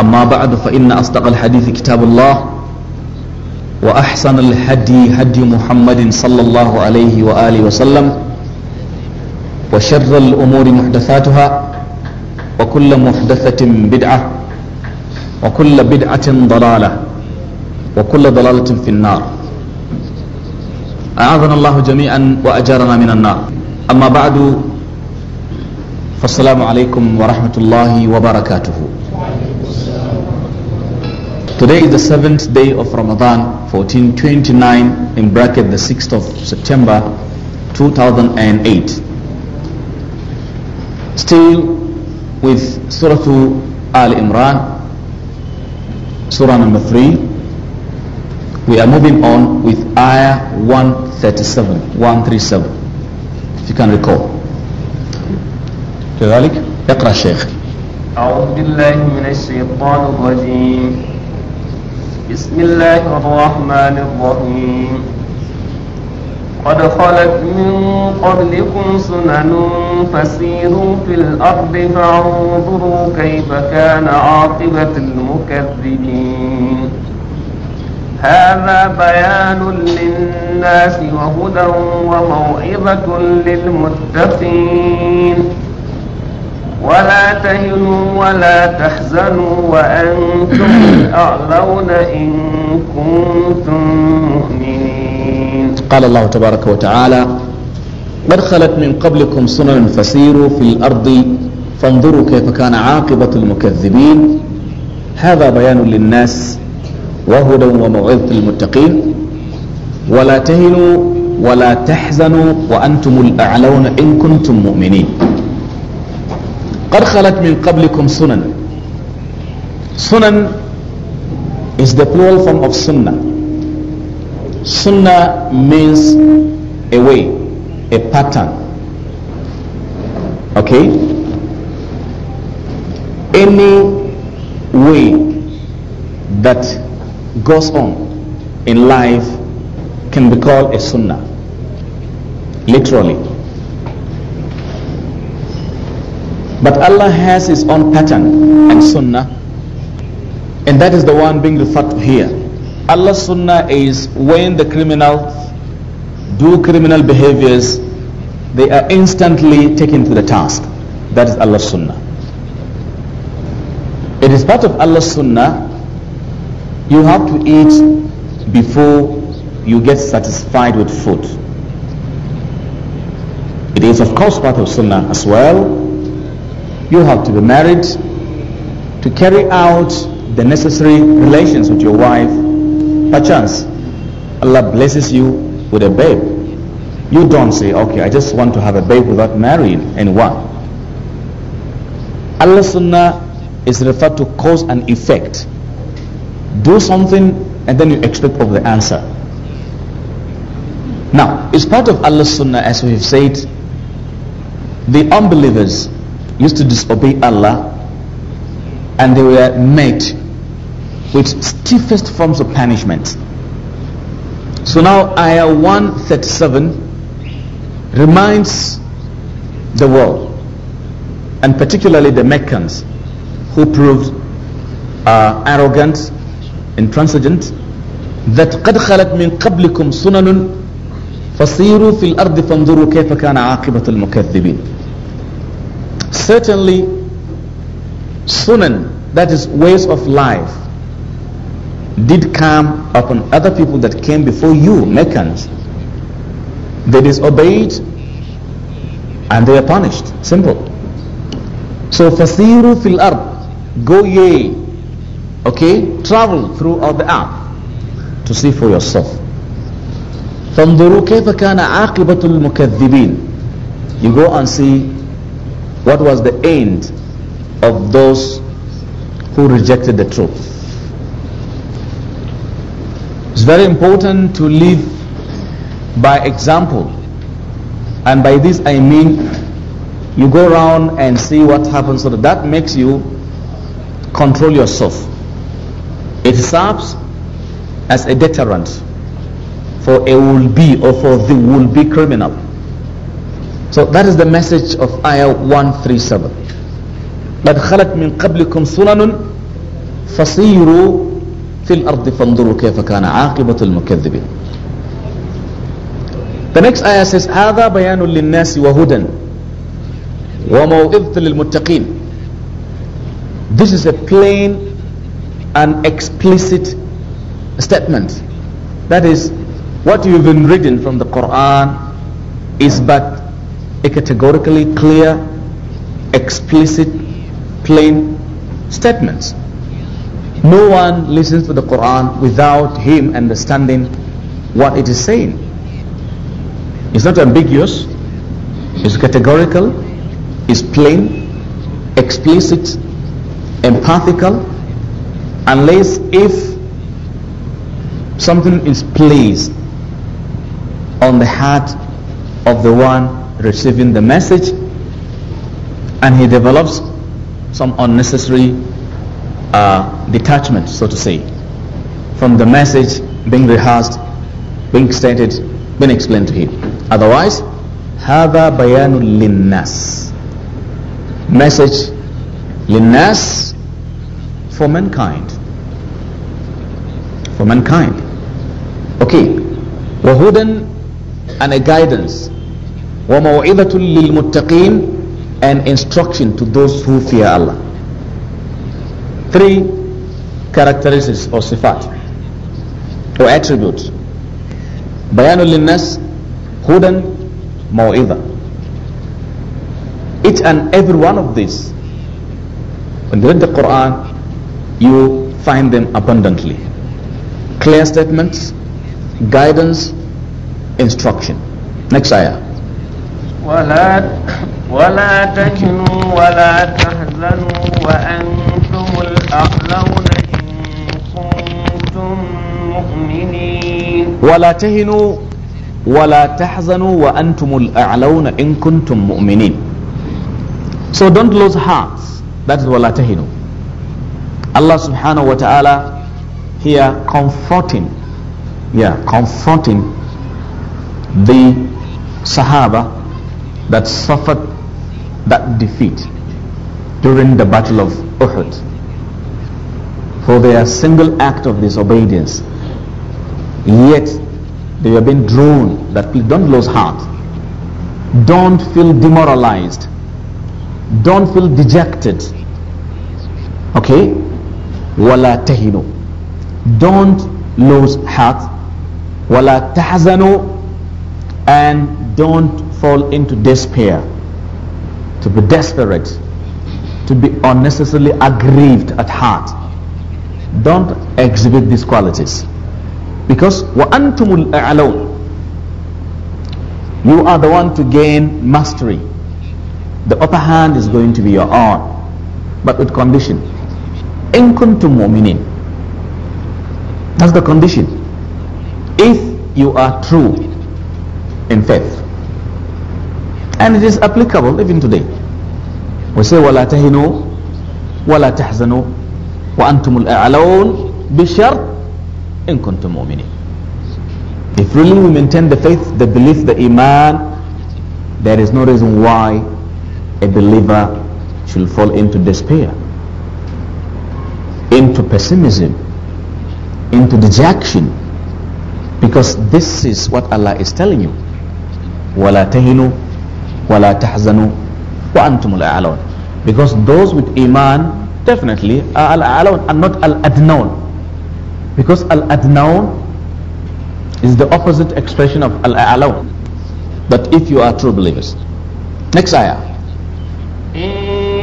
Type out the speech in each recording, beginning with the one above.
أما بعد فإن أصدق الحديث كتاب الله وأحسن الهدي هدي محمد صلى الله عليه وآله وسلم وشر الأمور محدثاتها وكل محدثة بدعة وكل بدعة ضلالة وكل ضلالة في النار أعاذنا الله جميعا وأجارنا من النار أما بعد فالسلام عليكم ورحمة الله وبركاته Today is the seventh day of Ramadan, 1429, in bracket the 6th of September, 2008. Still with Surah Al Imran, Surah number 3. We are moving on with Ayah 137, 137, if you can recall. كذلك اقرأ شيخ أعوذ بالله من الشيطان الرجيم بسم الله الرحمن الرحيم قد خلت من قبلكم سنن فسيروا في الأرض فانظروا كيف كان عاقبة المكذبين هذا بيان للناس وهدى وموعظة للمتقين ولا تهنوا ولا تحزنوا وأنتم الأعلون إن كنتم مؤمنين قال الله تبارك وتعالى قد خلت من قبلكم سنن فسيروا في الأرض فانظروا كيف كان عاقبة المكذبين هذا بيان للناس وهدى وموعظة للمتقين ولا تهنوا ولا تحزنوا وأنتم الأعلون إن كنتم مؤمنين قد خلت من قبلكم سنن sunan is the plural form of sunnah sunnah means a way a pattern okay any way that goes on in life can be called a sunnah literally But Allah has His own pattern and sunnah, and that is the one being referred to here. Allah sunnah is when the criminals do criminal behaviors, they are instantly taken to the task. That is Allah sunnah. It is part of Allah sunnah. You have to eat before you get satisfied with food. It is of course part of sunnah as well you have to be married to carry out the necessary relations with your wife. Perchance, Allah blesses you with a babe. You don't say, okay, I just want to have a babe without marrying anyone. Allah sunnah is referred to cause and effect. Do something and then you expect of the answer. Now, it's part of Allah sunnah as we have said, the unbelievers used to disobey Allah and they were met with stiffest forms of punishment. So now Ayah 137 reminds the world and particularly the Meccans who proved uh, arrogant, intransigent, that قد خلت من قبلكم سنن فصيروا في الأرض فانظروا كيف كان عاقبة المكذبين certainly sunan, that is ways of life, did come upon other people that came before you, Meccans. They disobeyed and they are punished. Simple. So fasiru fil ard, go ye, okay, travel throughout the earth to see for yourself. فانظروا كيف كان عاقبة المكذبين. You go and see what was the end of those who rejected the truth. It's very important to live by example. And by this I mean you go around and see what happens so that, that makes you control yourself. It serves as a deterrent for a will be or for the will be criminal. So that is the message of Ayah 137. قد خلت من قبلكم سنن فصيروا في الأرض فانظروا كيف كان عاقبة المكذبين. The next ayah says هذا بيان للناس وهدى وموعظة للمتقين. This is a plain and explicit statement. That is, what you've been reading from the Quran is but a categorically clear, explicit, plain statements. No one listens to the Quran without him understanding what it is saying. It's not ambiguous, it's categorical, it's plain, explicit, empathical, unless if something is placed on the heart of the one receiving the message and he develops some unnecessary uh, detachment, so to say, from the message being rehearsed, being stated, being explained to him. Otherwise, هذا بيان للناس message للناس for mankind for mankind okay وهدى and a guidance وَمَوْعِظَةٌ لِلْمُتَّقِينَ and instruction to those who fear Allah. Three characteristics or sifat or attributes. بيان للناس هدى موعظة. Each and every one of these, when you read the Quran, you find them abundantly. Clear statements, guidance, instruction. Next ayah. ولا ولا تكنوا ولا تحزنوا وأنتم الأعلون إن كنتم مؤمنين ولا تهنوا ولا تحزنوا وأنتم الأعلون إن كنتم مؤمنين So don't lose heart. That is ولا تهنوا. Allah subhanahu wa ta'ala here comforting, yeah, comforting the Sahaba that suffered that defeat during the battle of Uhud for their single act of disobedience yet they have being drawn that please don't lose heart don't feel demoralized don't feel dejected okay wala tahinu don't lose heart wala tahzanu and don't fall into despair, to be desperate, to be unnecessarily aggrieved at heart. Don't exhibit these qualities. Because وَأَنْتُمُ الْأَعْلَوْنَ You are the one to gain mastery. The upper hand is going to be your own. But with condition. إِن كُنْتُمْ مُؤْمِنِينَ That's the condition. If you are true in faith. And it is applicable even today. We say, وَلَا تَهِنُوا وَلَا تَحْزَنُوا وَأَنْتُمُ الْأَعْلَوْنَ بِشَرْطٍ إِن كُنْتُمْ مُؤْمِنِينَ If really we maintain the faith, the belief, the iman, there is no reason why a believer should fall into despair, into pessimism, into dejection, because this is what Allah is telling you. وَلَا تَهِنُوا وَلَا تَحْزَنُوا وَأَنْتُمُ الْأَعْلَوْنَ Because those with iman definitely are al-a'lawn and not al-adnawn. Because al-adnawn is the opposite expression of al-a'lawn. But if you are true believers. Next ayah.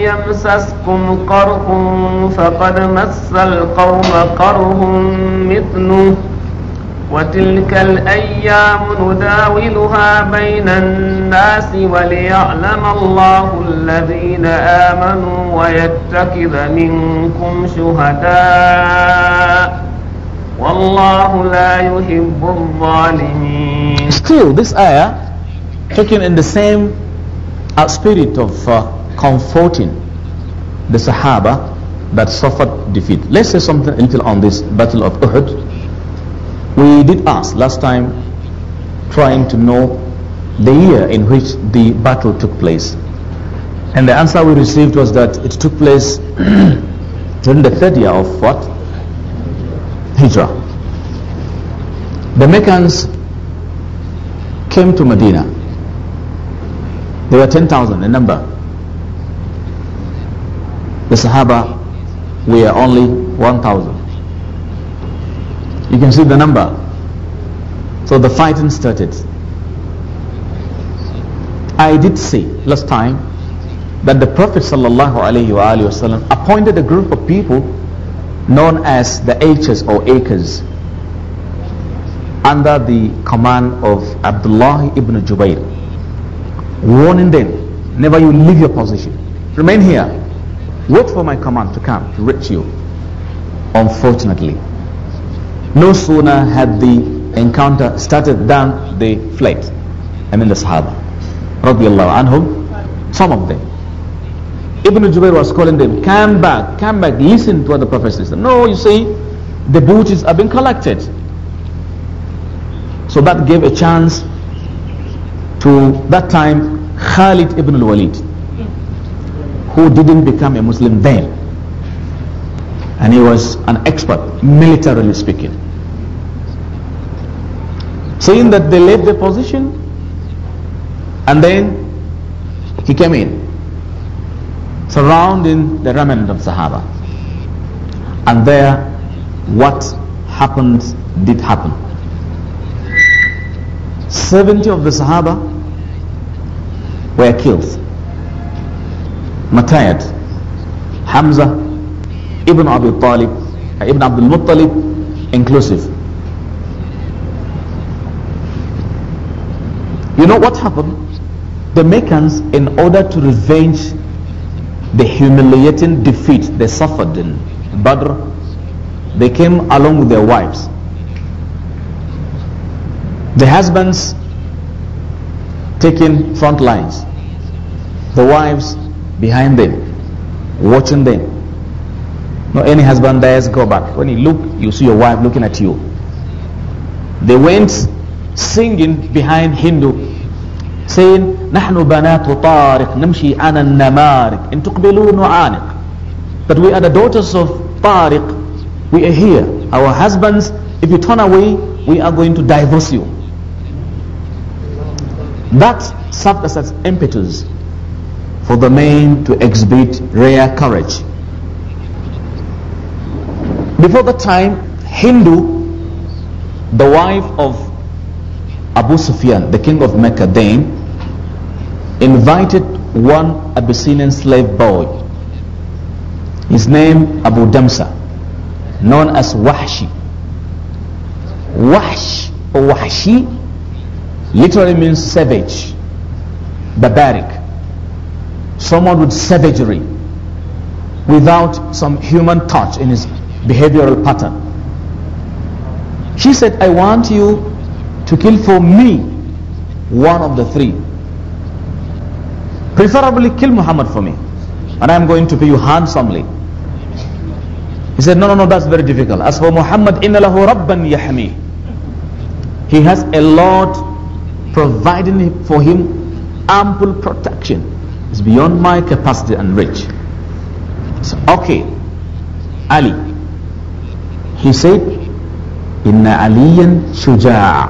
يمسسكم قرح فقد مس القوم قرح مثله وتلك الأيام نداولها بين الناس وليعلم الله الذين آمنوا ويتكذ منكم شهداء والله لا يحب الظالمين Still this ayah taken in the same uh, spirit of uh, comforting the Sahaba that suffered defeat. Let's say something a little on this battle of Uhud We did ask last time trying to know the year in which the battle took place. And the answer we received was that it took place during the third year of what? Hijrah. The Meccans came to Medina. They were 10,000 in number. The Sahaba were only 1,000. You can see the number. So the fighting started. I did say last time that the Prophet ﷺ appointed a group of people known as the Achers or Acres under the command of Abdullah ibn Jubayr, warning them, never you leave your position. Remain here. Wait for my command to come to reach you. Unfortunately, no sooner had the encounter started than they fled. I mean the Sahaba. Radiallahu anhum. Some of them. Ibn Jubair was calling them, come back, come back, listen to what the Prophet said. No, you see, the booties is having collected. So that gave a chance to that time Khalid ibn al-Walid, who didn't become a Muslim then and he was an expert, militarily speaking. Seeing that they left their position, and then he came in, surrounding the remnant of Sahaba. And there, what happened did happen. 70 of the Sahaba were killed. Matayat, Hamza, Ibn Abi Talib, Ibn Abdul Muttalib inclusive. You know what happened? The Meccans, in order to revenge the humiliating defeat they suffered in Badr, they came along with their wives. The husbands taking front lines, the wives behind them, watching them. No, any husband dies, go back. When you look, you see your wife looking at you. They went singing behind Hindu, saying, نحن بنات طارق نمشي على النمارق إن تقبلوا نعانق. But we are the daughters of Tariq. We are here. Our husbands, if you turn away, we are going to divorce you. That served as an impetus for the men to exhibit rare courage. Before that time, Hindu, the wife of Abu Sufyan, the king of Mecca then, invited one Abyssinian slave boy. His name Abu Damsa, known as Wahshi. Wahsh or Wahshi literally means savage, barbaric, someone with savagery, without some human touch in his behavioral pattern. She said, I want you to kill for me one of the three. Preferably kill Muhammad for me. And I'm going to pay you handsomely. He said, no, no, no, that's very difficult. As for Muhammad, inna lahu rabban yahmi. He has a Lord providing for him ample protection. It's beyond my capacity and reach. So, okay, Ali, he said, إن عليا شجاع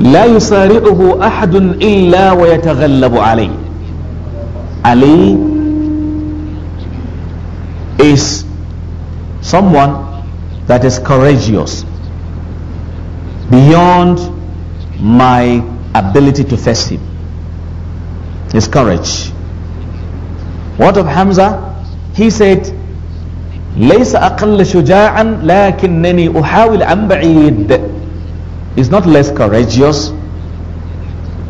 لا يسارعه أحد إلا ويتغلب عليه. Ali is someone that is courageous beyond my ability to face him. His courage. What of Hamza? He said, ليس أقل شجاعا لكنني أحاول عن بعيد is not less courageous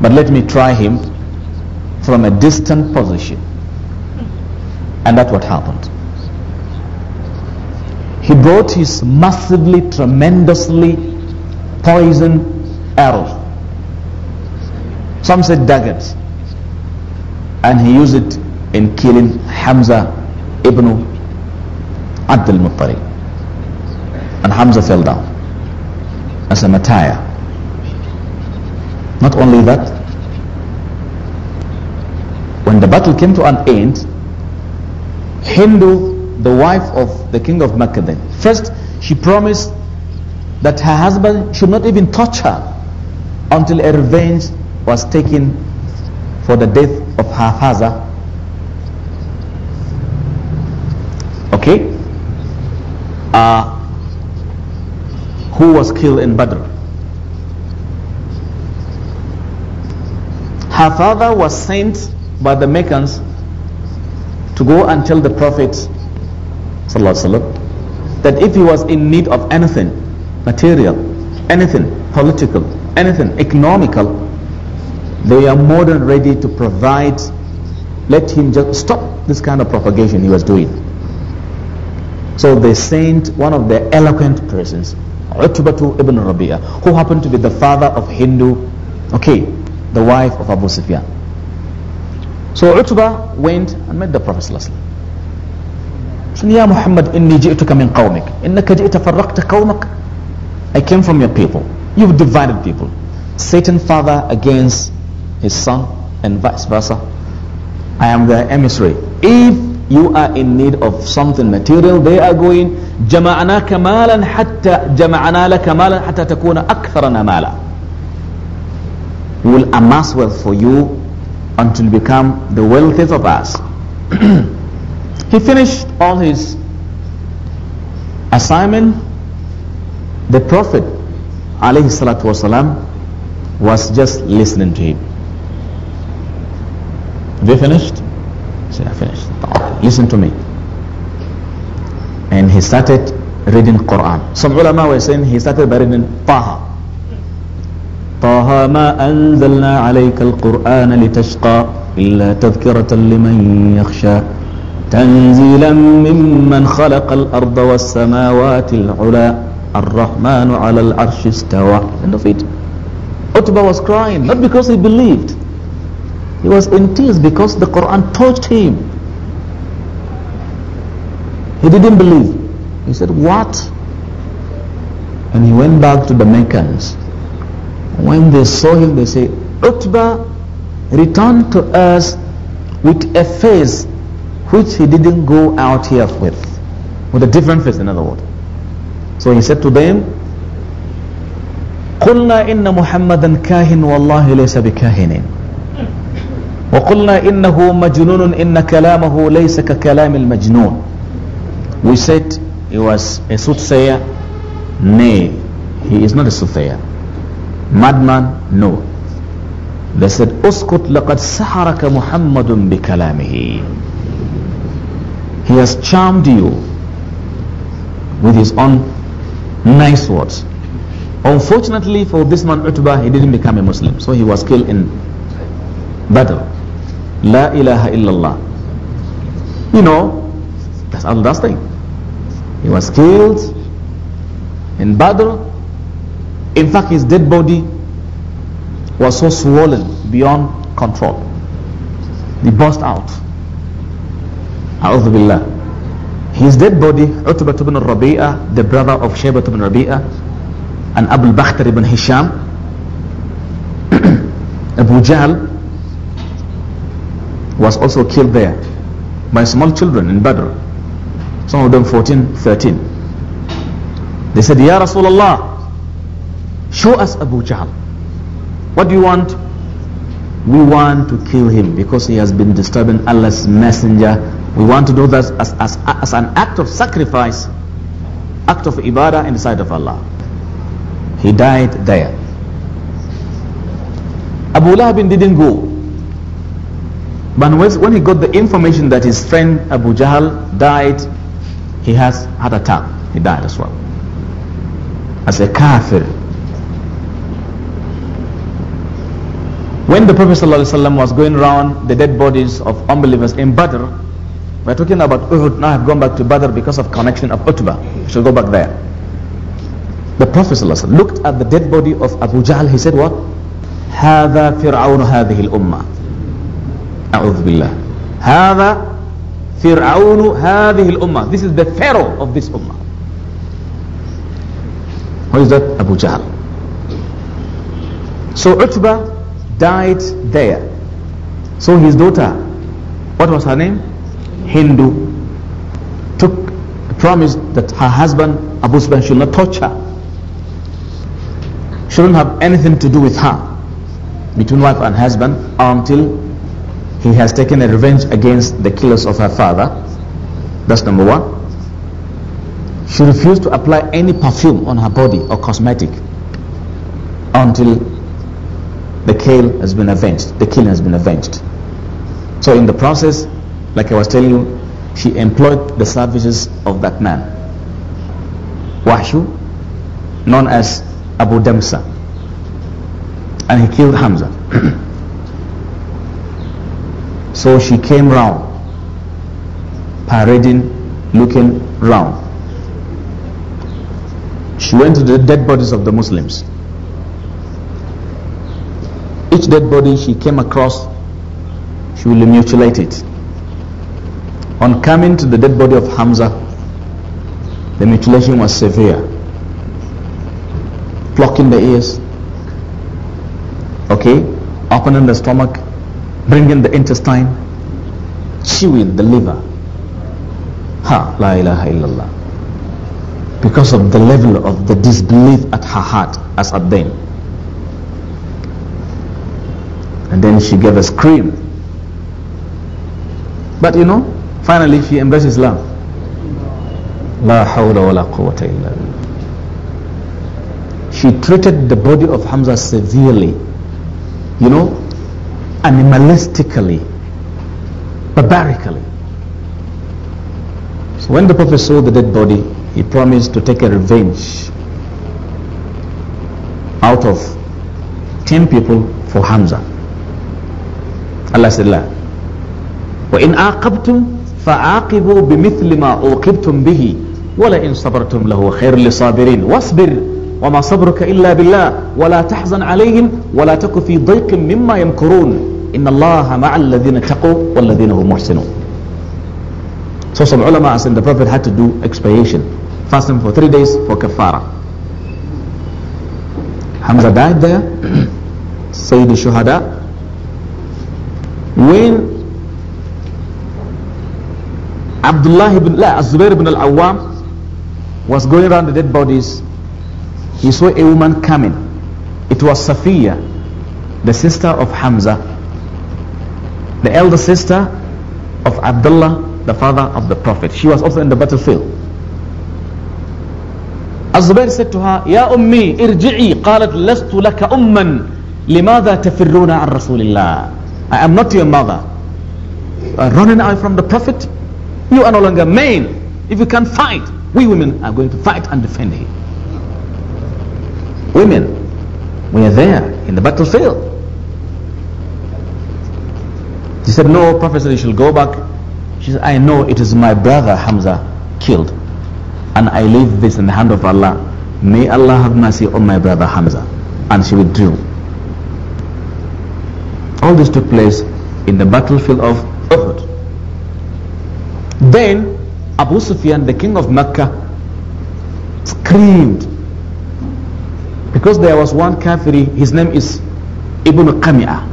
but let me try him from a distant position and that's what happened he brought his massively tremendously poisoned arrow some said daggers and he used it in killing Hamza ibn Abdul Muttalib. And Hamza fell down as a martyr. Not only that, when the battle came to an end, Hindu, the wife of the king of Mecca then, first she promised that her husband should not even touch her until a revenge was taken for the death of her father. Okay? uh, who was killed in Badr. Her father was sent by the Meccans to go and tell the Prophet that if he was in need of anything material, anything political, anything economical, they are more than ready to provide. Let him just stop this kind of propagation he was doing. So they sent one of the eloquent persons, Utbatu ibn Rabi'ah, who happened to be the father of Hindu, okay, the wife of Abu Sufyan. So Utbah went and met the Prophet said, Ya Muhammad, inni ji'tuka min qawmik, innaka ji'ta farraqta I came from your people. You've divided people. Satan father against his son and vice versa. I am the emissary. If you are in need of something material, they are going, جمعناك مالا حتى جمعنا لك مالا حتى تكون أكثرنا مالا. We will amass wealth for you until you become the wealthiest of us. he finished all his assignment. The Prophet والسلام, was just listening to him. They finished? Said I finished. listen to me and he started reading Quran some ulama were saying he started by reading Taha Taha طه ما أنزلنا عليك القرآن لتشقى illa تذكرة liman yakhsha تنزيلا ممن خلق الأرض والسماوات العلا الرحمن على العرش استوى end of it Utba was crying not because he believed he was in tears because the Quran touched him He didn't believe. He said, what? And he went back to the Meccans. When they saw him, they said, Utbah returned to us with a face which he didn't go out here with. With a different face, in other words. So he said to them, قلنا إن محمدا كاهن والله ليس بكاهن وقلنا إنه مجنون إن كلامه ليس ككلام المجنون we said he was a soothsayer. Nay, he is not a soothsayer. Madman, no. They said, Uskut laqad saharaka Muhammadun bi kalamihi. He has charmed you with his own nice words. Unfortunately for this man Utbah, he didn't become a Muslim. So he was killed in battle La ilaha illallah. You know, that's all. that's thing. He was killed in Badr. In fact, his dead body was so swollen beyond control. He burst out. A'udhu billah. His dead body, Utbah ibn Rabi'ah, the brother of Shaybah ibn Rabi'ah, and Abu Bakr ibn Hisham, Abu Jahl, was also killed there by small children in Badr. Some of them 14, 13. They said, Ya Rasulullah, show us Abu Jahl. What do you want? We want to kill him because he has been disturbing Allah's messenger. We want to do that as, as, as an act of sacrifice, act of ibadah in the sight of Allah. He died there. Abu Lahab didn't go. But when he got the information that his friend Abu Jahl died he has heart attack. He died as well. As a kafir. When the Prophet ﷺ was going around the dead bodies of unbelievers in Badr, we're talking about Uhud. Now I've gone back to Badr because of connection of Utbah. We should go back there. The Prophet ﷺ looked at the dead body of Abu Jahl. He said what? هذا فرعون هذه الأمة أعوذ بالله هذا Fir'aunu hadhihi al-ummah. This is the Pharaoh of this ummah. Who is that? Abu Jahl. So Utbah died there. So his daughter, what was her name? Hindu, took promise that her husband Abu Sufyan should not touch her. Shouldn't have anything to do with her between wife and husband until he has taken a revenge against the killers of her father. That's number one. She refused to apply any perfume on her body or cosmetic until the kill has been avenged. The killing has been avenged. So in the process, like I was telling you, she employed the services of that man. Wahshu, known as Abu Damsa. And he killed Hamza. So she came round, parading, looking round. She went to the dead bodies of the Muslims. Each dead body she came across, she will mutilate it. On coming to the dead body of Hamza, the mutilation was severe. Plucking the ears, okay, opening the stomach, bring in the intestine, chew in the liver. Ha, la ilaha illallah. Because of the level of the disbelief at her heart as at then. And then she gave a scream. But you know, finally she embraced Islam. La hawla wa la quwwata illa billah. She treated the body of Hamza severely. You know, animalistically, barbarically. So when the Prophet saw the dead body, he promised to take a revenge out of 10 people for Hamza. Allah said, لا. وإن عاقبتم فعاقبوا بمثل ما أُوْقِبْتُمْ به ولئن صبرتم لهو خير للصابرين واصبر وما صبرك إلا بالله ولا تحزن عليهم ولا تك في ضيق مما يمكرون إن الله مع الذين تقوا والذين هم محسنون So some ulama and the Prophet had to do expiation, fasting for three days for kafara. Hamza died there, Sayyid al-Shuhada. When Abdullah ibn La, Zubair ibn al-Awwam was going around the dead bodies, he saw a woman coming. It was Safiya, the sister of Hamza the elder sister of Abdullah, the father of the Prophet. She was also in the battlefield. Az-Zubair said to her, Ya Ummi, irji'i, qalat lastu laka umman, limada tafirruna an Rasulillah. I am not your mother. running away from the Prophet. You are no longer male. If you can fight, we women are going to fight and defend him. Women, we are there in the battlefield. She said, No, Prophet you should go back. She said, I know it is my brother Hamza killed. And I leave this in the hand of Allah. May Allah have mercy on my brother Hamza. And she withdrew. All this took place in the battlefield of Uhud. Then Abu Sufyan, the king of Mecca, screamed because there was one kafiri, his name is Ibn Qami'ah.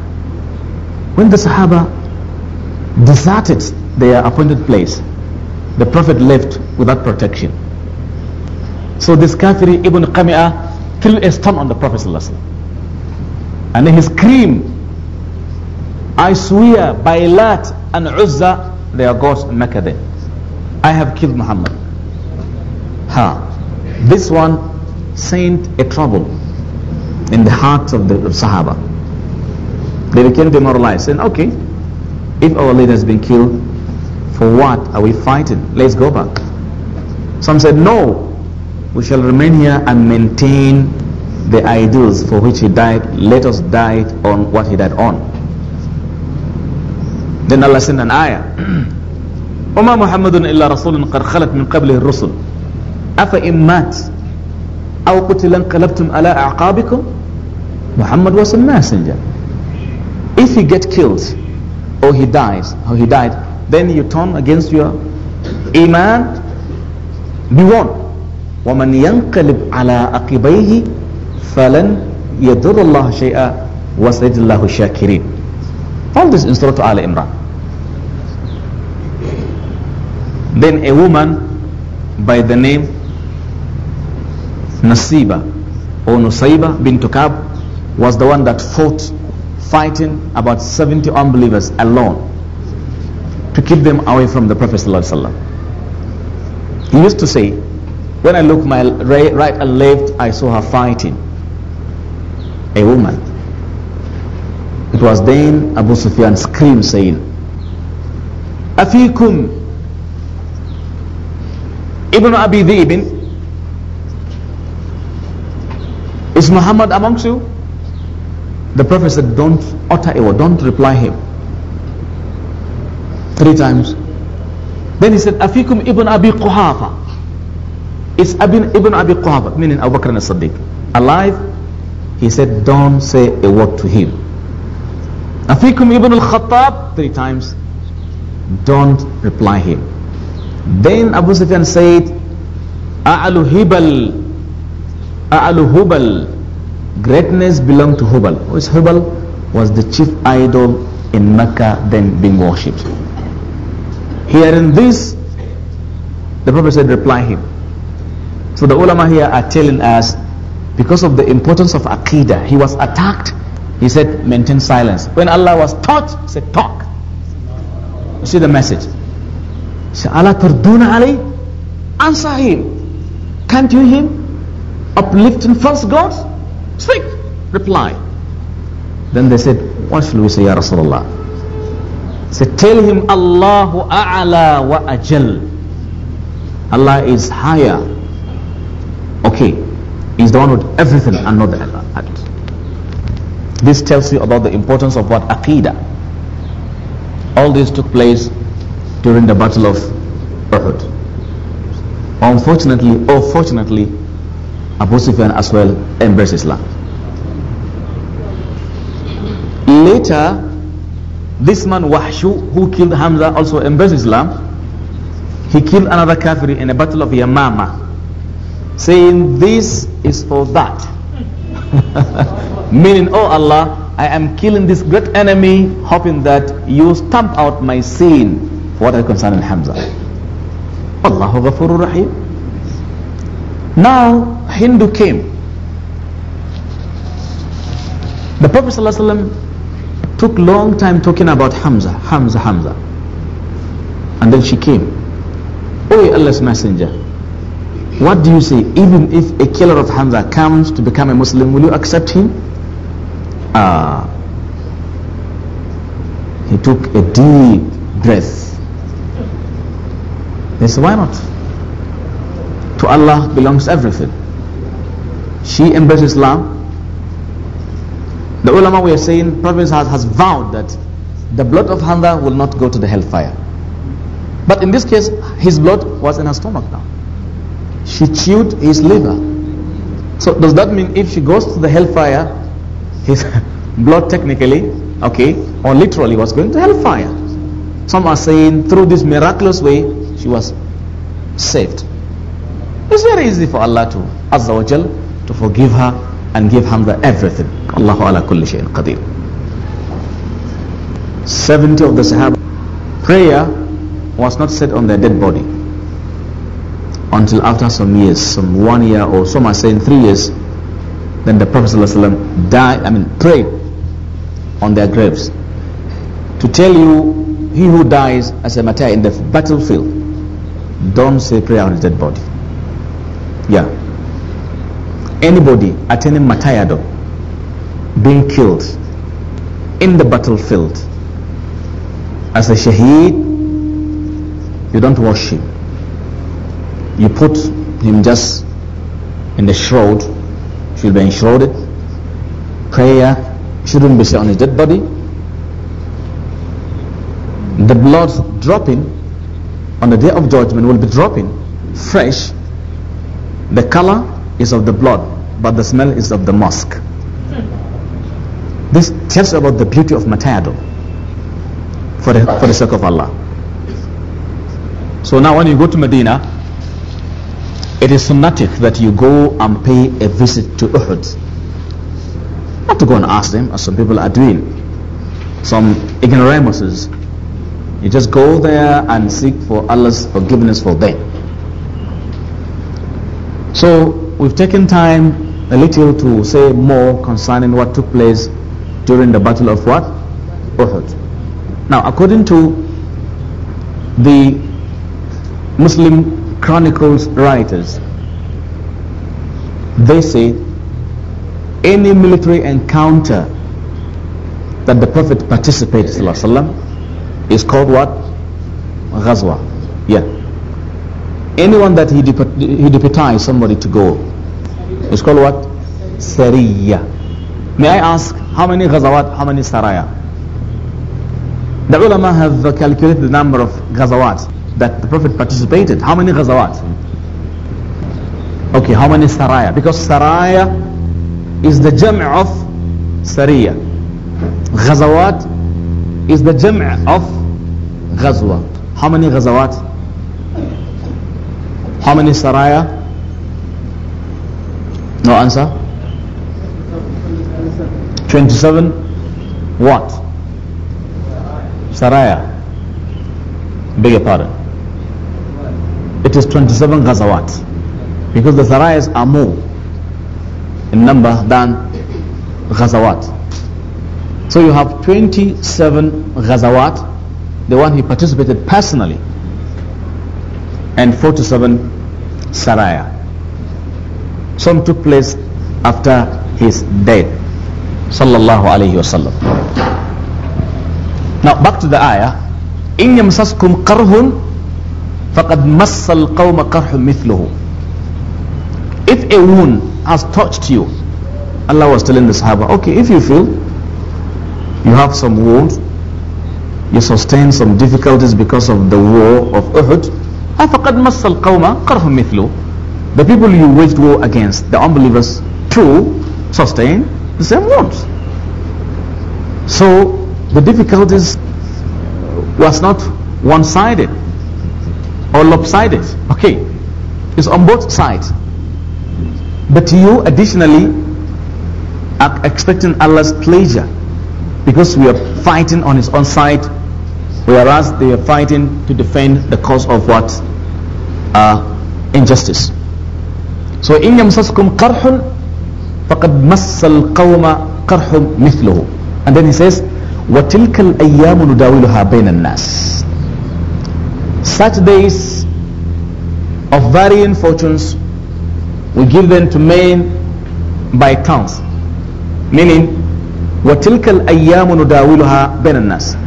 When the Sahaba deserted their appointed place. The Prophet left without protection. So this kafir Ibn Qamia, threw a stone on the Prophet and he screamed, I swear by Lat and Uzza, they are gods in Mecca then. I have killed Muhammad. Ha. This one sent a trouble in the hearts of the Sahaba. They became demoralized and okay, if our leader has been killed, for what are we fighting? Let's go back. Some said, no, we shall remain here and maintain the ideals for which he died. Let us die on what he died on. Then Allah sent an ayah. وما محمد إلا رسول قد خلت من قبله الرسل أفإن مات أو قتل انقلبتم على أعقابكم Muhammad was a messenger. If he get killed, or oh, he dies or oh, he died then you turn against your iman be warned ومن ينقلب على عقبيه فلن يضر الله شيئا وسيجزي الله الشاكرين all this in Surah Al Imran then a woman by the name Nasiba or Nusayba bin Tukab was the one that fought fighting about 70 unbelievers alone to keep them away from the Prophet He used to say, when I look my right and left, I saw her fighting a woman. It was then Abu Sufyan screamed saying, Afikum Ibn Abi Dhibin, is Muhammad amongst you? The Prophet said, Don't utter a word, don't reply him. Three times. Then he said, Afikum ibn Abi Quhafa. It's Abin, ibn Abi Quhafa, meaning Abu Bakr as Alive, he said, Don't say a word to him. Afikum ibn al-Khattab, three times. Don't reply him. Then Abu Sufyan said, A'alu hibal, A'alu hubal, Greatness belonged to Hubal. Who is Hubal? Was the chief idol in Mecca then being worshipped. Hearing this, the Prophet said, reply him. So the ulama here are telling us, because of the importance of Aqidah, he was attacked. He said, maintain silence. When Allah was taught, he said, talk. You see the message. Allah tarduna Ali, answer him. Can't you him? Uplifting false gods? Strict reply. Then they said, what shall we say, Ya Rasulullah? said, tell him Allahu A'la wa Ajal. Allah is higher. Okay. He's the one with everything and not the Allah. This tells you about the importance of what? Aqidah. All this took place during the battle of Uhud. Unfortunately or oh, fortunately, Abu Sufyan as well embraced Islam. Later, this man Wahshu, who killed Hamza, also embraced Islam. He killed another Kafir in a battle of Yamama, saying, This is for that. Meaning, Oh Allah, I am killing this great enemy, hoping that you stamp out my sin for what I concern in Hamza. Allahu Ghafurur Rahim. Now, Hindu came, the Prophet ﷺ took long time talking about Hamza, Hamza, Hamza. And then she came. Oh Allah's messenger, what do you say? Even if a killer of Hamza comes to become a Muslim, will you accept him? Ah. He took a deep breath. He said, why not? To Allah belongs everything she embraced Islam. The ulama we are saying Providence has, has vowed that the blood of Handa will not go to the hellfire. But in this case, his blood was in her stomach now. She chewed his liver. So does that mean if she goes to the hellfire, his blood technically, okay, or literally was going to hellfire? Some are saying through this miraculous way, she was saved. It's very easy for Allah to, Azza wa Jal, to forgive her and give Hamza everything. Allahu ala kulli shayin qadir. 70 of the Sahaba. Prayer was not said on their dead body until after some years, some one year or some are saying three years. Then the Prophet ﷺ died, I mean, prayed on their graves. To tell you, he who dies as a martyr in the battlefield, don't say prayer on his dead body. Yeah anybody attending matayado being killed in the battlefield as a shaheed you don't wash him you put him just in the shroud should be enshrouded prayer shouldn't be said on his dead body the blood dropping on the day of judgment will be dropping fresh the color is of the blood, but the smell is of the musk. This tells about the beauty of matador for the, for the sake of Allah. So now when you go to Medina, it is sunnatic that you go and pay a visit to Uhud. Not to go and ask them, as some people are doing. Some ignoramuses. You just go there and seek for Allah's forgiveness for them. So We've taken time a little to say more concerning what took place during the battle of what? Uhud. Now, according to the Muslim Chronicles writers, they say any military encounter that the Prophet participates is called what? Ghazwa. Yeah anyone that he, dep- he deputized somebody to go. It's called what? Sariya. May I ask, how many ghazawat, how many saraya? The ulama have calculated the number of ghazawat that the Prophet participated. How many ghazawat? Okay, how many saraya? Because saraya is the jam' of sariya. Ghazawat is the jam' of ghazwa. How many ghazawat? How many saraya? No answer? 27? What? Saraya. Beg your pardon. It is 27 ghazawat. Because the sarayas are more in number than ghazawat. So you have 27 ghazawat, the one he participated personally and 47 Saraya. Some took place after his death. Sallallahu alayhi wasallam. Now back to the ayah. إن يمسسكم قرح فقد مس القوم قرح مثله. If a wound has touched you, Allah was telling the Sahaba, okay, if you feel you have some wounds, you sustain some difficulties because of the war of Uhud, فَقَدْ مَسَّ الْقَوْمَ The people you waged war against, the unbelievers, too sustain the same wounds. So the difficulties was not one-sided or lopsided. Okay, it's on both sides. But you additionally are expecting Allah's pleasure because we are fighting on his own side whereas they are fighting to defend the cause of what? Uh, injustice. So in yamsaskum qarhun faqad massal qawma qarhum mithluhu. And then he says, وَتِلْكَ الْأَيَّامُ نُدَاوِلُهَا بَيْنَ النَّاسِ Such days of varying fortunes we give them to men by towns meaning وَتِلْكَ الْأَيَّامُ نُدَاوِلُهَا بَيْنَ النَّاسِ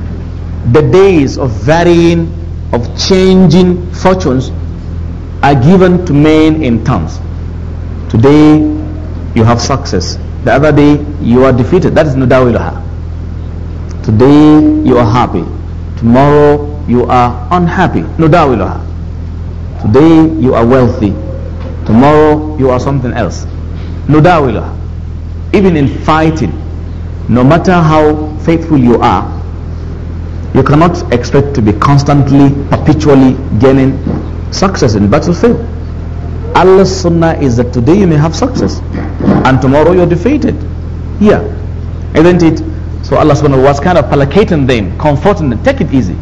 the days of varying, of changing fortunes are given to men in terms. Today you have success. The other day you are defeated. That is Nudawilaha. Today you are happy. Tomorrow you are unhappy. Nudawilaha. Today you are wealthy. Tomorrow you are something else. Nudawilaha. Even in fighting, no matter how faithful you are, you cannot expect to be constantly, perpetually gaining success in battlefield. Allah's sunnah is that today you may have success and tomorrow you're defeated. Yeah, isn't it? So Allah subhanahu was kind of placating them, comforting them, take it easy.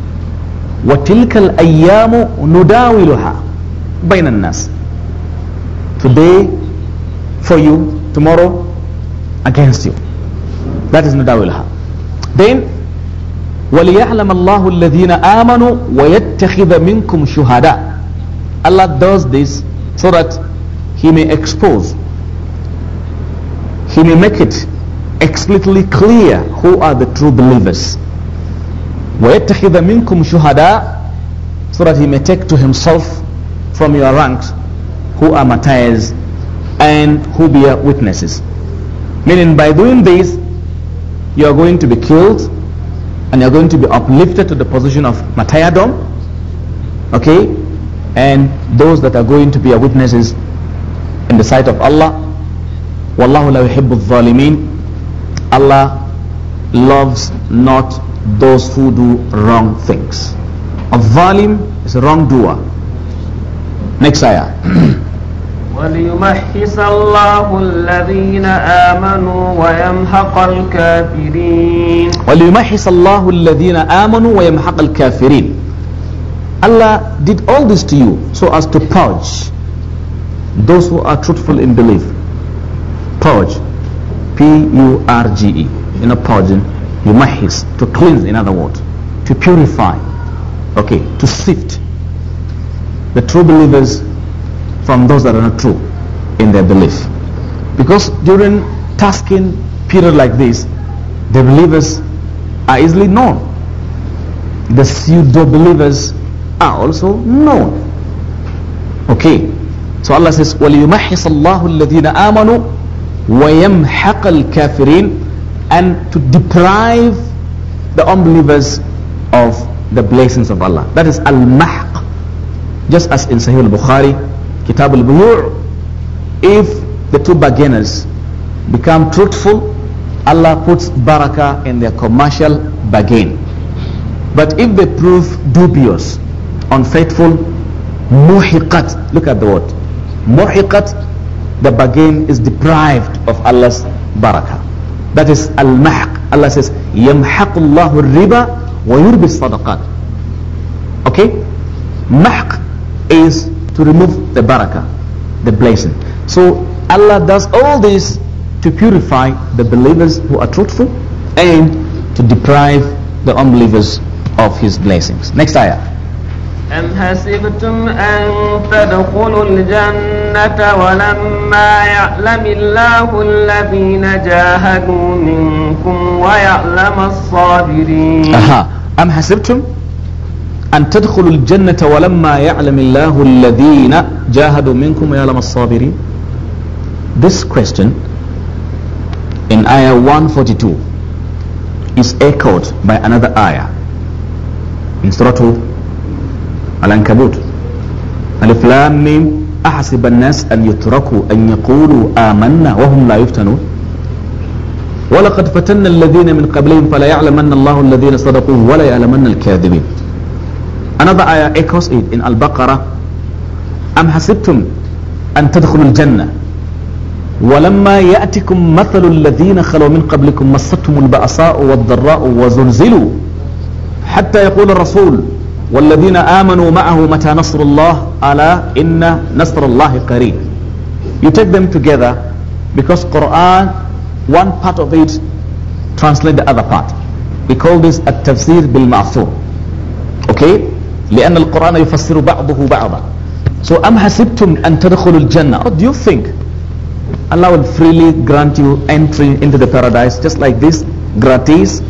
وَتِلْكَ الْأَيَّامُ نُدَاوِلُهَا بَيْنَ النَّاسِ Today for you, tomorrow against you. That is نُدَاوِلُهَا. Then وَلِيَعْلَمَ اللَّهُ الَّذِينَ آمَنُوا وَيَتَّخِذَ مِنْكُمْ شُهَدَاءَ Allah does this so that He may expose, He may make it explicitly clear who are the true believers. وَيَتَّخِذَ مِنْكُمْ شُهَدَاءَ So that He may take to Himself from your ranks who are martyrs and who bear witnesses. Meaning by doing this, you are going to be killed and you're going to be uplifted to the position of matayadom okay and those that are going to be witnesses in the sight of Allah wallahu la yuhibbu zalimin Allah loves not those who do wrong things a zalim is a wrongdoer next ayah وليمحص الله الذين آمنوا ويمحق الكافرين وليمحص الله الذين آمنوا ويمحق الكافرين Allah did all this to you so as to purge those who are truthful in belief. Purge. P-U-R-G-E. In a purging, you mahis, to cleanse, in other words, to purify, okay, to sift the true believers from those that are not true in their belief. Because during tasking period like this, the believers are easily known. The pseudo-believers are also known. Okay. So Allah says, وَلِيُمَحِّصَ اللَّهُ الَّذِينَ آمَنُوا وَيَمْحَقَ الْكَافِرِينَ And to deprive the unbelievers of the blessings of Allah. That is al-mahq. Just as in Sahih al-Bukhari, Kitab al if the two beginners become truthful, Allah puts barakah in their commercial bargain. But if they prove dubious, unfaithful, muhiqat, look at the word, muhiqat, the bargain is deprived of Allah's barakah. That is al-mahq. Allah says, يَمْحَقُ اللَّهُ الرِّبَى وَيُرْبِ الصَّدَقَاتِ Okay? Mahq is to remove the barakah, the blessing. So Allah does all this to purify the believers who are truthful and to deprive the unbelievers of his blessings. Next ayah. أم حسبتم أن تدخلوا الجنة ولما يعلم الله الذين جاهدوا منكم ويعلم الصابرين أها أم حسبتم أن تدخل الجنة ولما يعلم الله الذين جاهدوا منكم ويعلم الصابرين This question in ayah 142 is echoed by another ayah in surah Al-Ankabut Alif Lam Mim أحسب الناس أن يتركوا أن يقولوا آمنا وهم لا يفتنون ولقد فتن الذين من قبلهم فلا يعلمن الله الذين صدقوا ولا يعلمن الكاذبين Another ayah echoes it in Al-Baqarah. أم حسبتم أن تدخلوا الجنة ولما يأتكم مثل الذين خلوا من قبلكم مستهم البأساء والضراء وزلزلوا حتى يقول الرسول والذين آمنوا معه متى نصر الله ألا إن نصر الله قريب You take them together because Quran one part of it translate the other part. We call this التفسير tafsir Okay? لأن القرآن يفسر بعضه بعضا So am حسبتم أن تدخلوا jannah What do you think? Allah will freely grant you entry into the paradise just like this gratis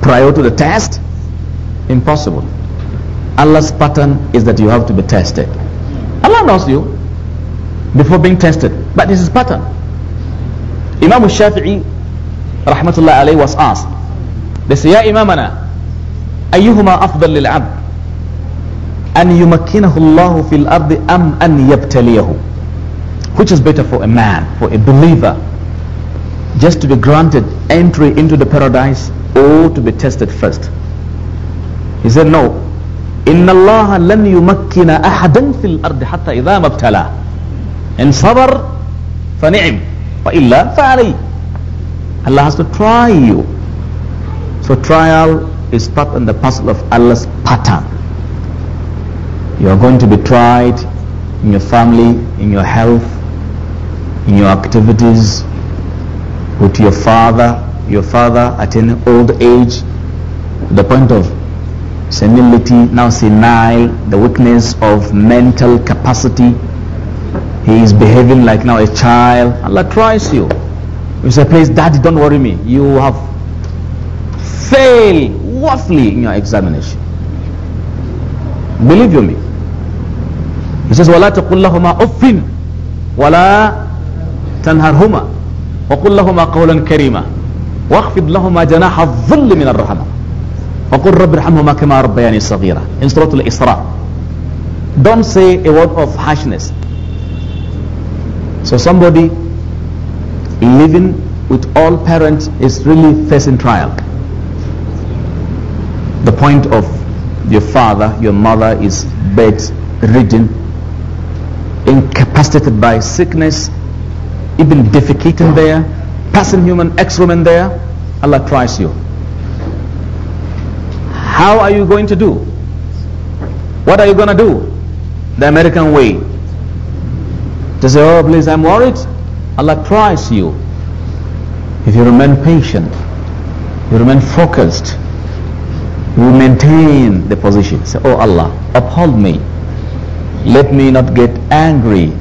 prior to the test impossible Allah's pattern is that you have to be tested Allah knows you before being tested but this is pattern Imam Shafi'i rahmatullah alayhi was asked they say ya imamana ayyuhuma afdal lil أن يمكنه الله في الأرض أم أن يبتليه which is better for a man for a believer just to be granted entry into the paradise or to be tested first he said no إن الله لن يمكن أحدا في الأرض حتى إذا ما ابتلاه إن صبر فنعم وإلا فعلي Allah has to try you so trial is part and the parcel of Allah's pattern You are going to be tried in your family, in your health, in your activities, with your father, your father at an old age, the point of senility, now senile, the weakness of mental capacity. He is behaving like now a child. Allah tries you. You say, please, daddy, don't worry me. You have failed woefully in your examination. Believe you me. He says, وَلَا تَقُلْ لَهُمَا أُفٍ وَلَا تَنْهَرْهُمَا وَقُلْ لَهُمَا قَوْلًا كَرِيمًا وَاخْفِضْ لَهُمَا جَنَاحَ الظُّلِّ مِنَ الرَّحْمَةِ وَقُلْ رَبِّ ارْحَمْهُمَا كَمَا رَبَّيَانِي صَغِيرًا In Surah Al-Isra. Don't say a word of harshness. So somebody living with all parents is really facing trial. The point of your father, your mother is bed ridden incapacitated by sickness, even defecating there, passing human excrement there, Allah tries you. How are you going to do? What are you going to do? The American way. To say, oh please, I'm worried. Allah tries you. If you remain patient, you remain focused, you maintain the position. Say, oh Allah, uphold me let me not get angry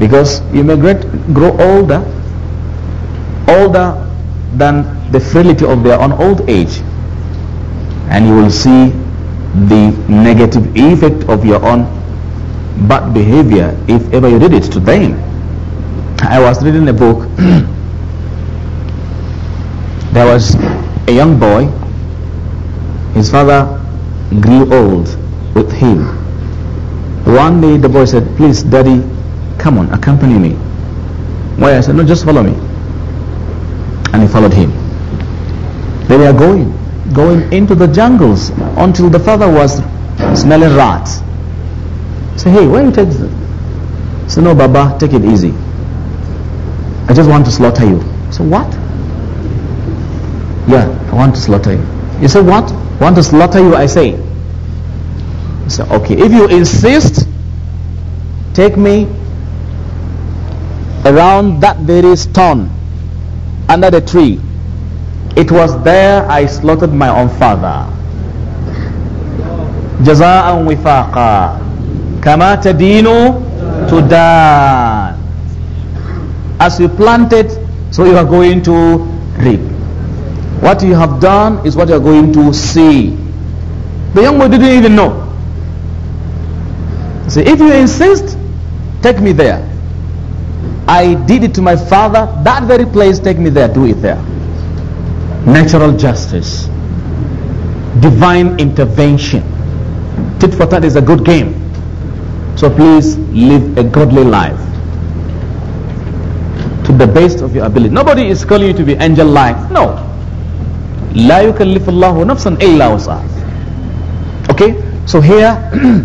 because you may get, grow older, older than the frailty of their own old age. And you will see the negative effect of your own bad behavior if ever you read it to them. I was reading a book. there was a young boy. His father grew old with him one day the boy said, please daddy, come on, accompany me. Why? I said, no, just follow me. And he followed him. They were going, going into the jungles until the father was smelling rats. Say, hey, why you take this? Say, no, Baba, take it easy. I just want to slaughter you. So what? Yeah, I want to slaughter you. You say what? Want to slaughter you? I say. So, okay, if you insist, take me around that very stone under the tree. It was there I slaughtered my own father. جزاء وفاقا كما تدين تدان As you planted, so you are going to reap. What you have done is what you are going to see. The young boy didn't even know. So if you insist, take me there. I did it to my father, that very place, take me there, do it there. Natural justice. Divine intervention. Tit for tat is a good game. So please live a godly life. To the best of your ability. Nobody is calling you to be angel-like. No. لا يكلف الله نفسا إلا وسعها. Okay? So here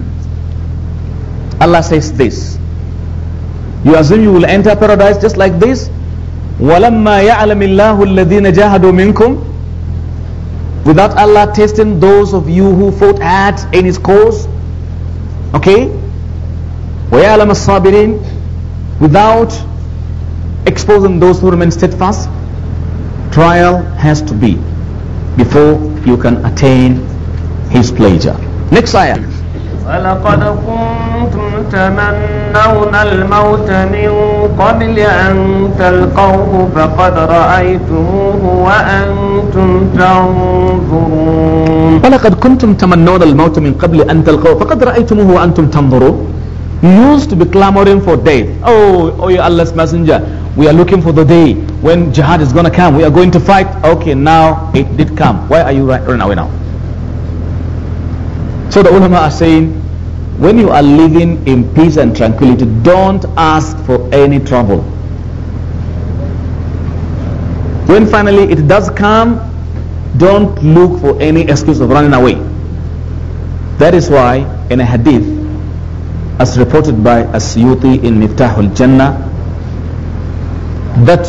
Allah says this. You assume you will enter paradise just like this? Without Allah testing those of you who fought at in His cause. Okay? Without exposing those who remain steadfast. Trial has to be before you can attain His pleasure. Next ayah. تمنون الموت من قبل أن تلقوه فقد رأيتموه وأنتم تنظرون ولقد كنتم تمنون الموت من قبل أن تلقوه فقد رأيتموه وأنتم تنظرون You used to be clamoring for death. Oh, oh, you Allah's messenger, we are looking for the day when jihad is going to come. We are going to fight. Okay, now it did come. Why are you running away now? So the ulama are saying, when you are living in peace and tranquility, don't ask for any trouble. When finally it does come, don't look for any excuse of running away. That is why in a hadith, as reported by Asyuti in Miftahul Jannah, that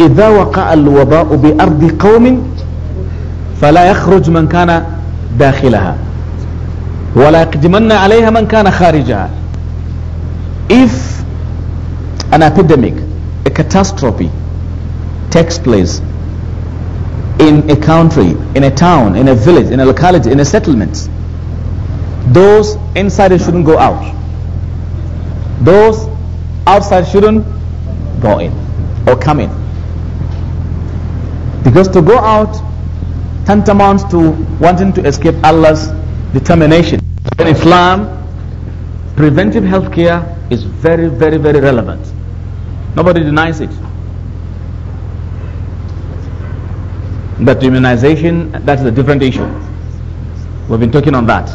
إذا وقع الوباء بأرض قوم فلا يخرج من كان داخلها وَلَا عَلَيْهَا مَنْ كَانَ خَارِجًا If an epidemic, a catastrophe takes place in a country, in a town, in a village, in a locality, in a settlement, those inside shouldn't go out. Those outside shouldn't go in or come in. Because to go out tantamount to wanting to escape Allah's determination in Islam, preventive health care is very, very, very relevant. Nobody denies it. But immunization, that's a different issue. We've been talking on that.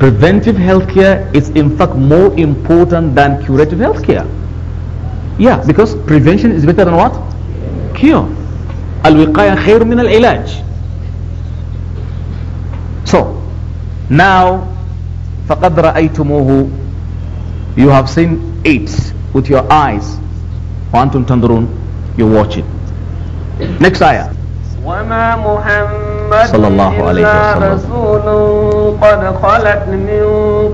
Preventive health care is in fact more important than curative health care. Yeah, because prevention is better than what? Cure. Al-wiqaya khair min al-ilaj. So, now, فَقَدْ رَأَيْتُمُوهُ You have seen it with your eyes. وَأَنْتُمْ تَنْظُرُونَ You watch it. Next ayah. وما محمد صلى الله عليه وسلم رسول قد خلت من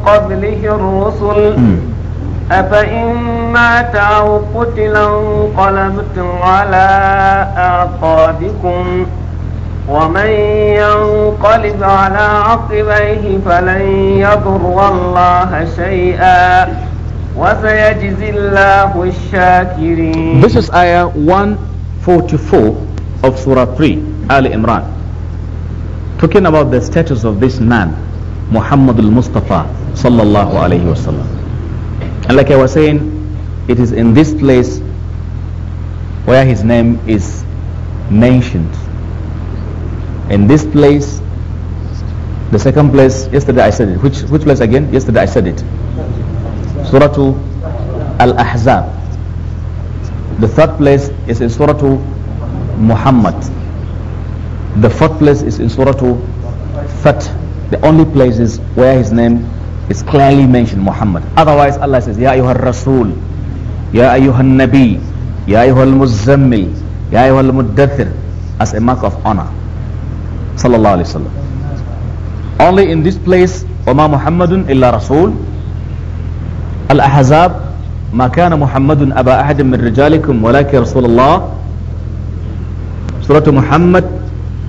قبله الرسل أفإن مات أو قتلا انقلبتم على أعقابكم ومن ينقلب على عقبيه فلن يضر الله شيئا وسيجزي الله الشاكرين This is ayah 144 of Surah 3, Ali Imran. Talking about the status of this man, Muhammad al-Mustafa sallallahu alayhi wasallam. And like I was saying, it is in this place where his name is mentioned in this place the second place yesterday I said it which which place again yesterday I said it Surah Al-Ahzab the third place is in Surah Muhammad the fourth place is in Surah Fat the only places where his name is clearly mentioned Muhammad otherwise Allah says Ya ayyuhal Rasul Ya ayyuhal Nabi Ya ayyuhal Muzammil Ya ayyuhal Mudathir, as a mark of honor صلى الله عليه وسلم Only in this place, وما محمد إلا رسول. الأحزاب ما كان محمد أبا أحد من رجالكم ولكن رسول الله. سورة محمد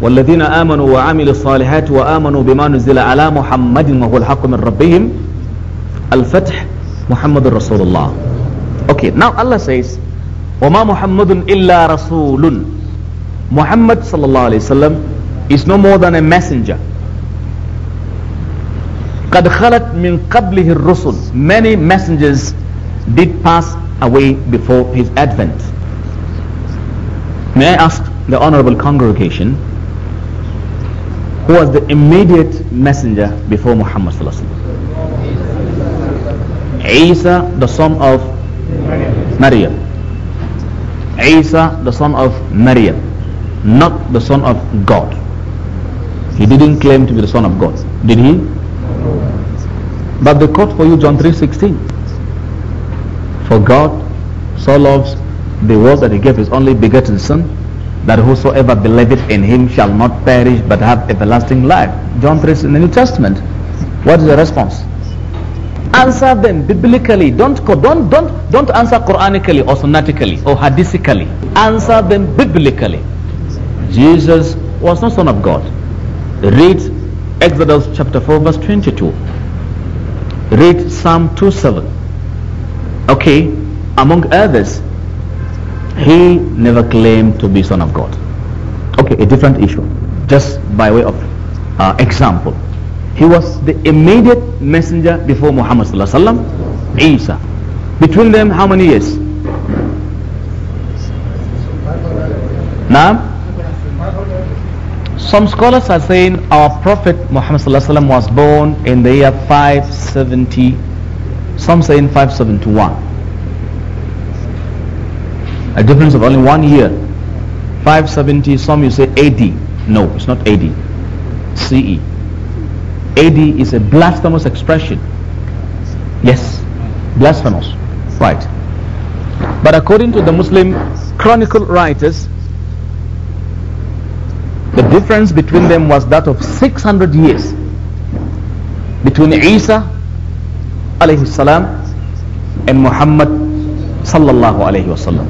والذين آمنوا وعملوا الصالحات وآمنوا بما نزل على محمد وهو الحق من ربهم الفتح محمد رسول الله okay now Allah says وما محمد إلا رسول محمد صلى الله عليه وسلم is no more than a messenger. قد خلت من قبله الرسل many messengers did pass away before his advent may I ask the honorable congregation who was the immediate messenger before Muhammad Isa the son of Maryam Isa the son of Maryam not the son of God he didn't claim to be the Son of God. Did he? But they quote for you John 3.16. For God so loves the world that he gave his only begotten Son, that whosoever believeth in him shall not perish but have everlasting life. John 3 in the New Testament. What is the response? Answer them biblically. Don't don't don't don't answer Quranically or Sunnatically or Hadithically. Answer them biblically. Jesus was not Son of God. Read Exodus chapter 4 verse 22. Read Psalm 2 7. Okay, among others, he never claimed to be son of God. Okay, a different issue, just by way of uh, example. He was the immediate messenger before Muhammad sallallahu alaihi wasallam, Isa. Between them, how many years? Now? Some scholars are saying our Prophet Muhammad was born in the year 570, some saying 571. A difference of only one year. 570, some you say 80. No, it's not 80. CE. AD is a blasphemous expression. Yes, blasphemous. Right. But according to the Muslim chronicle writers, the difference between them was that of 600 years between Isa alayhi salam and Muhammad sallallahu alayhi wasallam.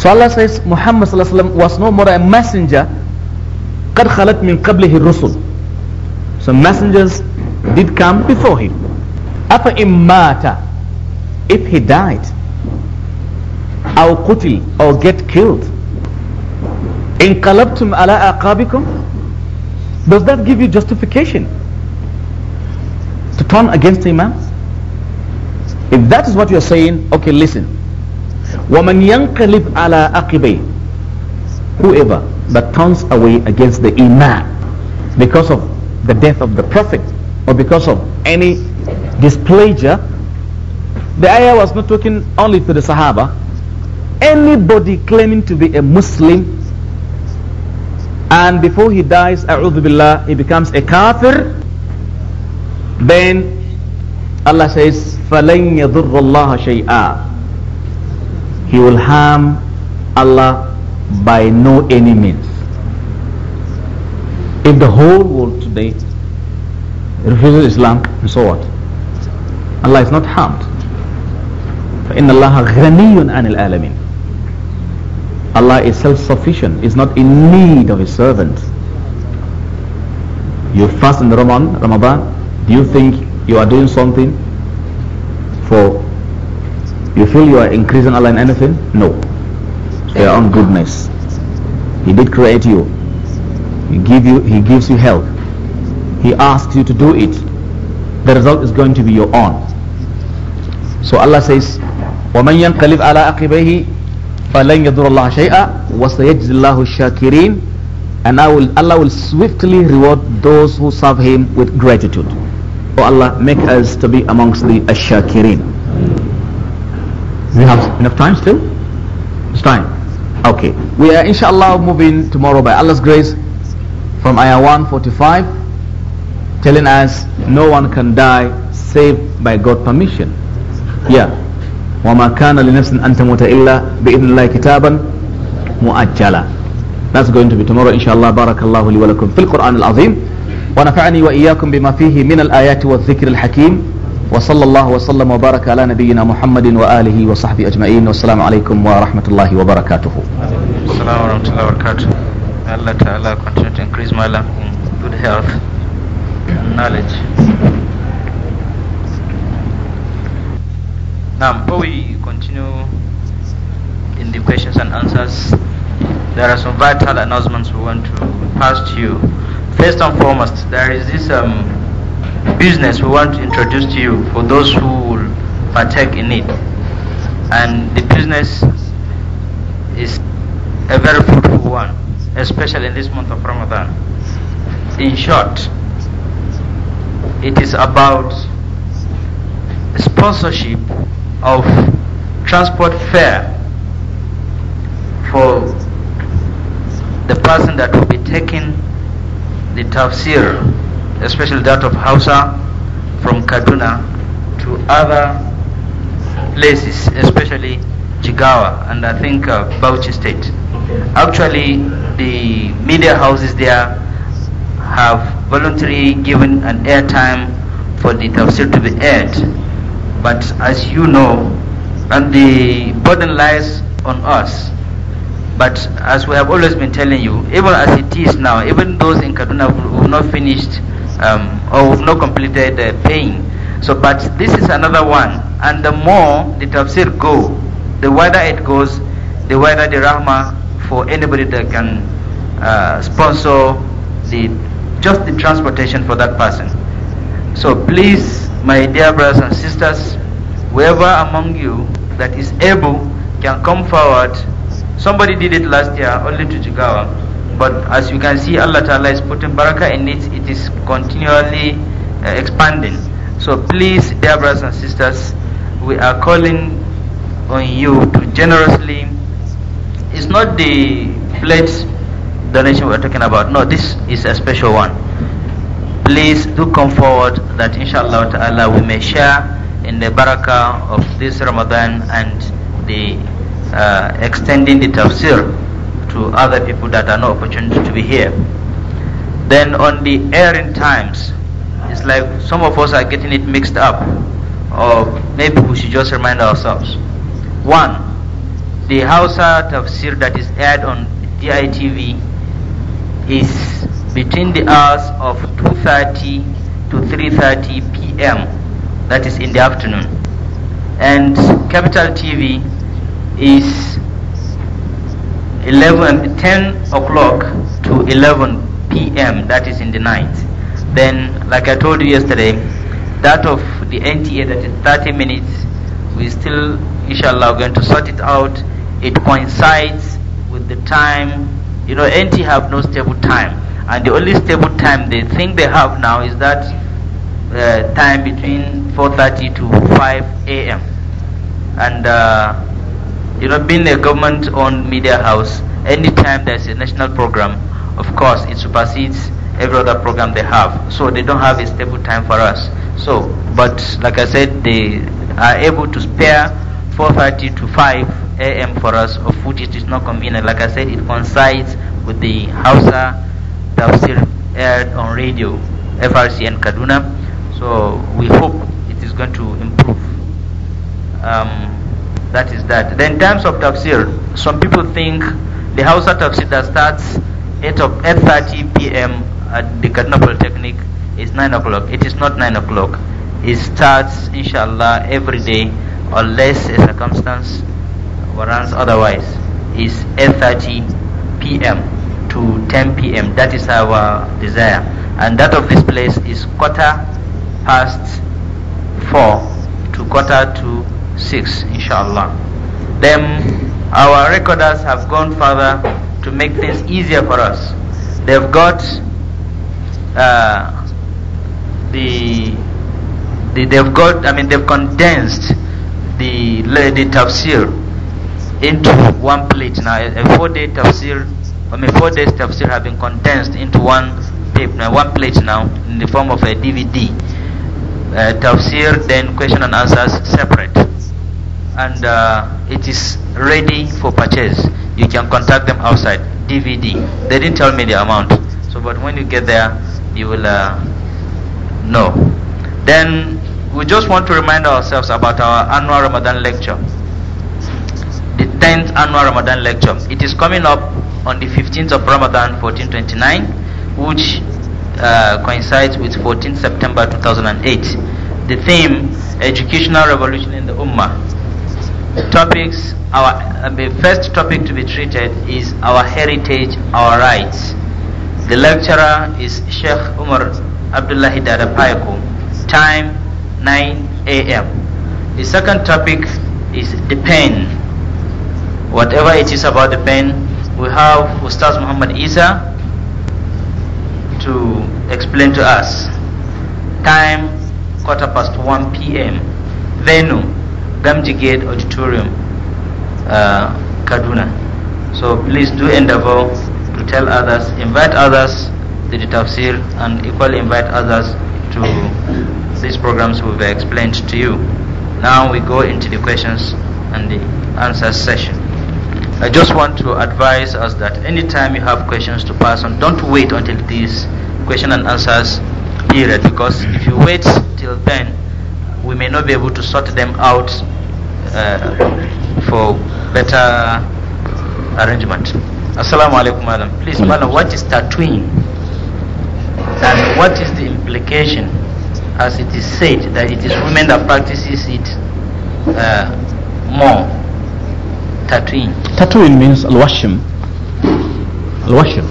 So Allah says Muhammad sallallahu alayhi wasallam was no more a messenger قَدْ خَلَتْ مِنْ قَبْلِهِ الرُّسُلُ So messengers did come before him. أَفَإِمْ مَاتَ If he died, or قُتِل or get killed, Inqalabtum ala aqabikum? Does that give you justification to turn against the Imam? If that is what you are saying, okay, listen. وَمَنْ يَنْقَلِبْ عَلَىٰ أَقِبَيْهِ Whoever that turns away against the Imam because of the death of the Prophet or because of any displeasure, the ayah was not talking only to the Sahaba. Anybody claiming to be a Muslim and before he dies a'udhu billah he becomes a kafir then Allah says فَلَنْ يَضُرَّ اللَّهَ شَيْئًا he will harm Allah by no any means if the whole world today refuses Islam and so what Allah is not harmed فإن الله غني عن الآلمين. Allah is self-sufficient, is not in need of his servants. You fast in Ramadan, Ramadan, do you think you are doing something for, you feel you are increasing Allah in anything? No. your own goodness. He did create you. He, give you. he gives you help. He asks you to do it. The result is going to be your own. So Allah says, وَمَنْ يَنْقَلِبْ عَلَىٰ أَقِبَيْهِ فلن يضر الله شيئا وسيجزي الله الشاكرين and I will, Allah will swiftly reward those who serve him with gratitude. Oh Allah, make us to be amongst the ashakirin. we have enough time still? It's time. Okay. We are inshallah moving tomorrow by Allah's grace from ayah 145 telling us no one can die save by God permission. Yeah. وما كان لنفس أن تموت إلا بإذن الله كتابا مؤجلا That's going to be tomorrow inshallah بارك الله لي ولكم في القرآن العظيم ونفعني وإياكم بما فيه من الآيات والذكر الحكيم وصلى الله وسلم وبارك على نبينا محمد وآله وصحبه أجمعين والسلام عليكم ورحمة الله وبركاته السلام ورحمة الله وبركاته Allah Ta'ala continue to increase my life in good health and knowledge. Now, before we continue in the questions and answers, there are some vital announcements we want to pass to you. First and foremost, there is this um, business we want to introduce to you for those who will partake in it. And the business is a very fruitful one, especially in this month of Ramadan. In short, it is about sponsorship of transport fare for the person that will be taking the tafsir, especially that of Hausa from Kaduna to other places, especially Jigawa and I think uh, Bauchi State. Actually, the media houses there have voluntarily given an airtime for the tafsir to be aired but as you know, and the burden lies on us. But as we have always been telling you, even as it is now, even those in Kaduna who have not finished um, or who have not completed uh, paying. So, but this is another one. And the more the tafsir go, the wider it goes, the wider the rahma for anybody that can uh, sponsor the just the transportation for that person. So please my dear brothers and sisters, whoever among you that is able can come forward. Somebody did it last year, only to Jigawa. But as you can see, Allah Ta'ala is putting barakah in it. It is continually uh, expanding. So please, dear brothers and sisters, we are calling on you to generously. It's not the pledge donation we're talking about. No, this is a special one please do come forward that inshallah ta'ala we may share in the barakah of this Ramadan and the uh, extending the tafsir to other people that are not opportunity to be here. Then on the airing times, it's like some of us are getting it mixed up or maybe we should just remind ourselves. One, the Hausa tafsir that is aired on DITV is between the hours of 2.30 to 3.30 p.m. that is in the afternoon and capital TV is 11 10 o'clock to 11 p.m. that is in the night then like I told you yesterday that of the NTA that is 30 minutes we still inshallah going to sort it out it coincides with the time you know NT have no stable time and the only stable time they think they have now is that uh, time between 4.30 to 5 a.m. and uh, you know being a government-owned media house anytime there's a national program of course it supersedes every other program they have so they don't have a stable time for us so but like i said they are able to spare 4.30 to 5 a.m. for us of which it is not convenient like i said it coincides with the hausa tafsir aired on radio FRC and Kaduna. So we hope it is going to improve. Um, that is that. Then in terms of tafsir, some people think the Hausa tafsir that starts 8 of 8:30 p.m. at the Kaduna Polytechnic is 9 o'clock. It is not 9 o'clock. It starts inshallah every day unless a circumstance warrants otherwise. Is 8:30 p.m to 10 p.m. That is our desire. And that of this place is quarter past 4 to quarter to 6, inshallah. Then our recorders have gone further to make things easier for us. They've got uh, the, the, they've got I mean they've condensed the the tafsir into one plate now a four day tafsir I mean, four days tafsir have been condensed into one tape, one plate now, in the form of a DVD. Uh, tafsir, then question and answers separate. And uh, it is ready for purchase. You can contact them outside. DVD. They didn't tell me the amount. So, but when you get there, you will uh, know. Then we just want to remind ourselves about our annual Ramadan lecture. The 10th annual Ramadan lecture. It is coming up on the 15th of Ramadan 1429 which uh, coincides with 14 September 2008 the theme educational revolution in the Ummah topics our uh, the first topic to be treated is our heritage our rights the lecturer is Sheikh Umar Abdullah Dada time 9 a.m. the second topic is the pen whatever it is about the pen we have Ustaz Muhammad Isa to explain to us. Time quarter past 1 p.m. Venue Gamji Gate Auditorium, uh, Kaduna. So please do endeavor to tell others, invite others to the tafsir, and equally invite others to these programs we've explained to you. Now we go into the questions and the answers session. I just want to advise us that anytime you have questions to pass on, don't wait until this question and answers period because if you wait till then, we may not be able to sort them out uh, for better arrangement. Assalamu alaikum, madam. Please, madam, what is tattooing and what is the implication as it is said that it is women that practices it uh, more? Tattooing means Al-Washim. Al-Washim.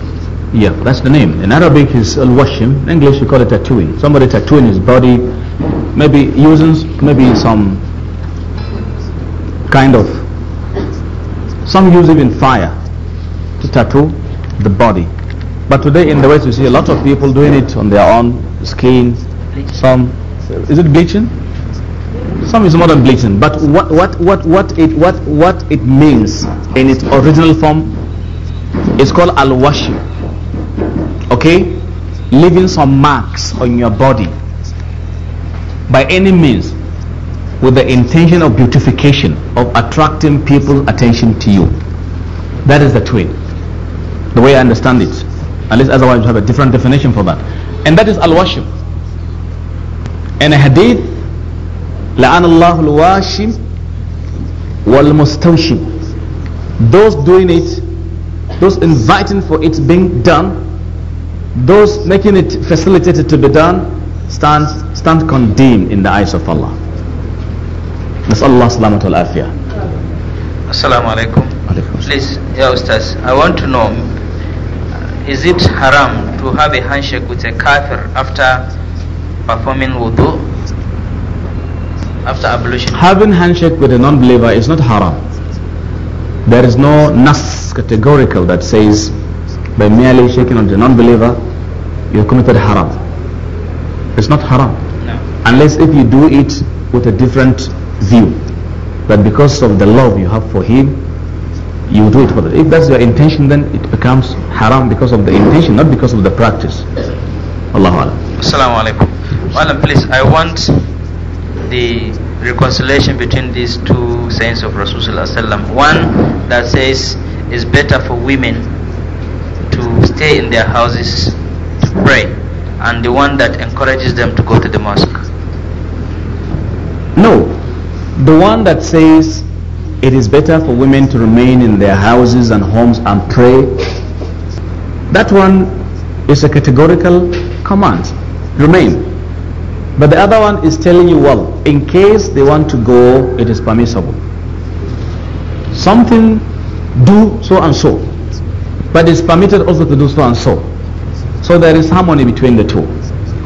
Yeah, that's the name. In Arabic is Al-Washim. In English we call it tattooing. Somebody tattooing his body, maybe using maybe some kind of, some use even fire to tattoo the body. But today in the West you see a lot of people doing it on their own skin, some, is it bleaching? Some is more than blatant, but what what what what it what what it means in its original form is called al-washi. Okay, leaving some marks on your body by any means with the intention of beautification of attracting people's attention to you. That is the twin. The way I understand it, unless otherwise you have a different definition for that, and that is al-washi. And a hadith لعن الله الواشم والمستوشم those doing it those inviting for it being done those making it facilitated to be done stand stand condemned in the eyes of Allah نسأل الله سلامة والعافية Assalamu alaikum. please yeah, Ustaz, I want to know is it haram to have a handshake with a kafir after performing wudu after ablution? Having handshake with a non-believer is not haram. There is no nas categorical that says by merely shaking on the non-believer you committed haram. It's not haram. No. Unless if you do it with a different view. But because of the love you have for him, you do it for that. If that's your intention, then it becomes haram because of the intention, not because of the practice. Allahu Alam. Assalamu alaikum. Well, please, I want the reconciliation between these two sayings of Rasulullah One that says it's better for women to stay in their houses to pray, and the one that encourages them to go to the mosque. No, the one that says it is better for women to remain in their houses and homes and pray, that one is a categorical command. Remain. But the other one is telling you, well, in case they want to go, it is permissible. Something do so and so. But it's permitted also to do so and so. So there is harmony between the two.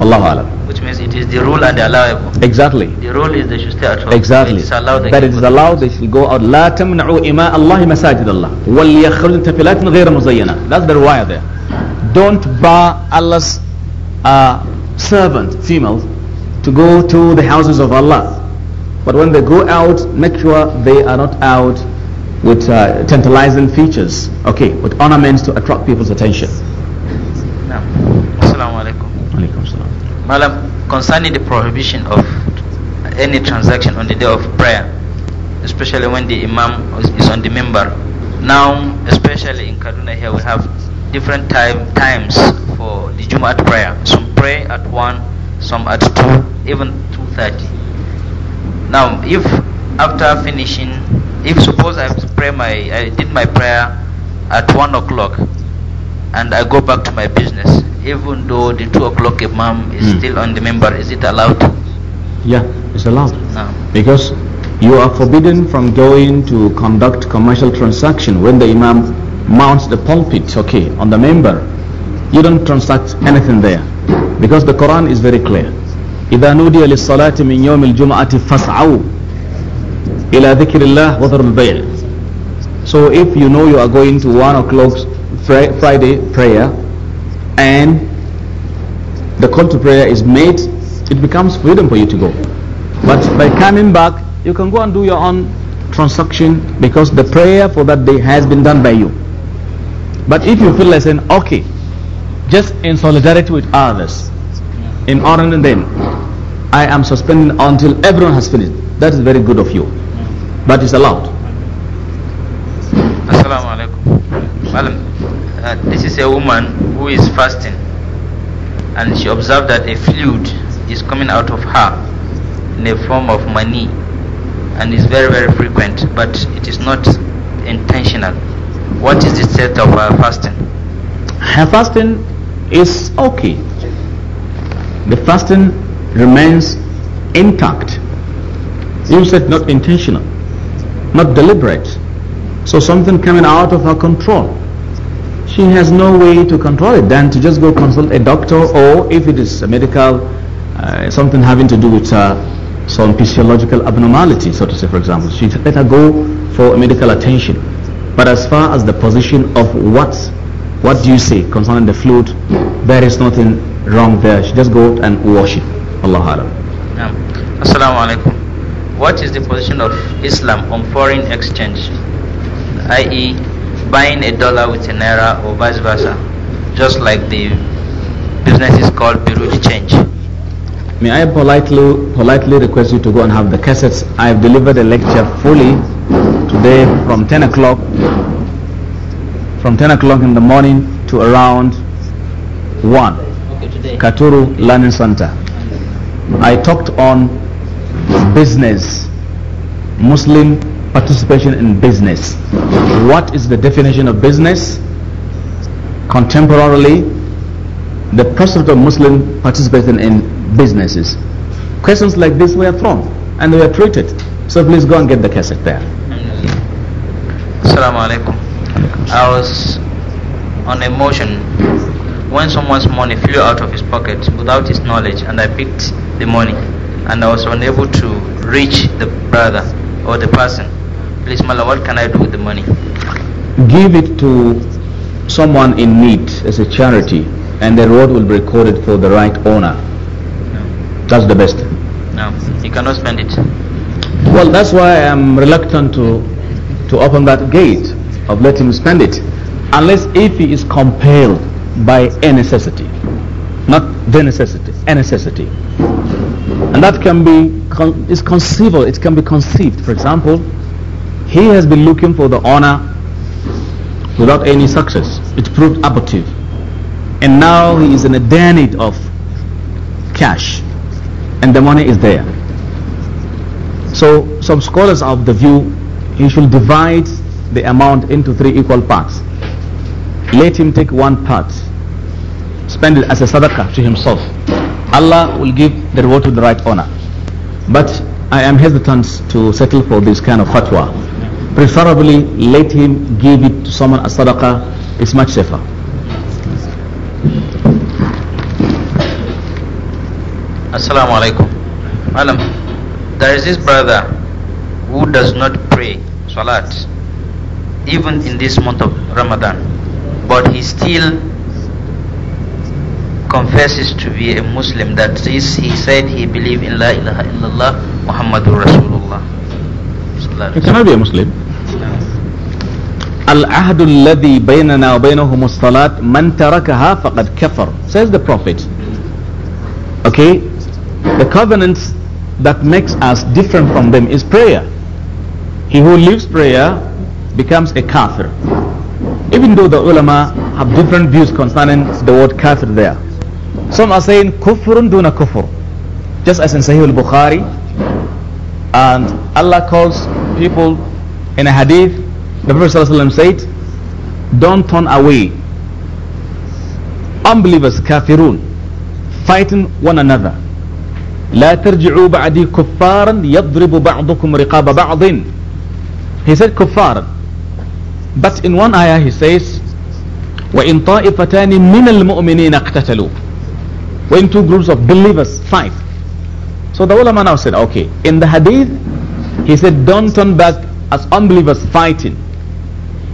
Allah Which means it is the rule and the allowable. Exactly. The rule is they should stay at home. Exactly. It is allowed that it is allowed they should go out. لا تمنعوا إماء الله مساجد الله وليخرجن تفلات غير مزينة. That's the wire there. Don't bar Allah's uh, servant, females, to go to the houses of Allah. But when they go out, make sure they are not out with uh, tantalizing features, okay, with ornaments to attract people's attention. Now, concerning the prohibition of any transaction on the day of prayer, especially when the Imam is on the member. Now, especially in Kaduna here, we have different time, times for the Jum'at prayer. Some pray at 1, some at 2, even 2.30 now if after finishing if suppose i pray my i did my prayer at 1 o'clock and i go back to my business even though the 2 o'clock imam is mm. still on the member is it allowed yeah it's allowed no. because you are forbidden from going to conduct commercial transaction when the imam mounts the pulpit okay on the member you don't transact anything there because the quran is very clear إذا نودي للصلاة من يوم الجمعة فاسعوا إلى ذكر الله وذر البيع So if you know you are going to one o'clock Friday prayer and the call to prayer is made, it becomes freedom for you to go. But by coming back, you can go and do your own transaction because the prayer for that day has been done by you. But if you feel like saying, okay, just in solidarity with others, in honoring them, I am suspending until everyone has finished. That is very good of you. But it's allowed. Assalamu alaikum. Madam, uh, this is a woman who is fasting and she observed that a fluid is coming out of her in a form of money and is very, very frequent, but it is not intentional. What is the state of her fasting? Her fasting is okay the fasting remains intact. You said not intentional, not deliberate. So something coming out of her control. She has no way to control it than to just go consult a doctor or if it is a medical, uh, something having to do with uh, some physiological abnormality, so to say, for example. She let her go for medical attention. But as far as the position of what, what do you say concerning the fluid, there is nothing wrong there. She just go and wash it. Allah Alam. Yeah. Assalamu alaikum. What is the position of Islam on foreign exchange, i.e., buying a dollar with a naira or vice versa, just like the business is called Biruji Change? May I politely politely request you to go and have the cassettes? I have delivered a lecture fully today from 10 o'clock from 10 o'clock in the morning to around 1 Katuru Learning Center. I talked on business, Muslim participation in business. What is the definition of business? Contemporarily, the prospect of Muslim participation in businesses. Questions like this were thrown and they were treated. So please go and get the cassette there. Assalamu alaikum. I was on a motion when someone's money flew out of his pocket without his knowledge and I picked the money and I was unable to reach the brother or the person. Please, Mala, what can I do with the money? Give it to someone in need as a charity and the road will be recorded for the right owner. No. That's the best. No, you cannot spend it. Well, that's why I'm reluctant to, to open that gate of letting him spend it unless if he is compelled by a necessity. Not the necessity, a necessity. And that can be con- is conceivable, it can be conceived. For example, he has been looking for the honor without any success. It proved abortive. And now he is in a need of cash. And the money is there. So some scholars of the view he should divide the amount into three equal parts let him take one part, spend it as a sadaqah to himself. Allah will give the reward to the right owner. But I am hesitant to settle for this kind of fatwa. Preferably, let him give it to someone as sadaqah. It's much safer. Assalamu alaikum. Madam, there is this brother who does not pray salat even in this month of Ramadan but he still confesses to be a Muslim. That is, he said he believed in La ilaha illallah Muhammadur Rasulullah. He cannot be a Muslim. العهد الذي بيننا وبينهم الصلاة من تركها فقد كفر says the prophet okay the covenants that makes us different from them is prayer he who leaves prayer becomes a kafir even though the ulama have different views concerning the word kafir there. Some are saying kufrun duna kufr, just as in Sahih al-Bukhari, and Allah calls people in a hadith, the Prophet ﷺ said, don't turn away unbelievers, kafirun, fighting one another. لا ترجعوا بعدي كفارا يضرب بعضكم رقاب بعض. He said kuffaran. But in one ayah he says, وَإِن طَائِفَتَانِ مِنَ الْمُؤْمِنِينَ اقْتَتَلُوا When two groups of believers fight. So the ulama now said, okay, in the hadith, he said, don't turn back as unbelievers fighting.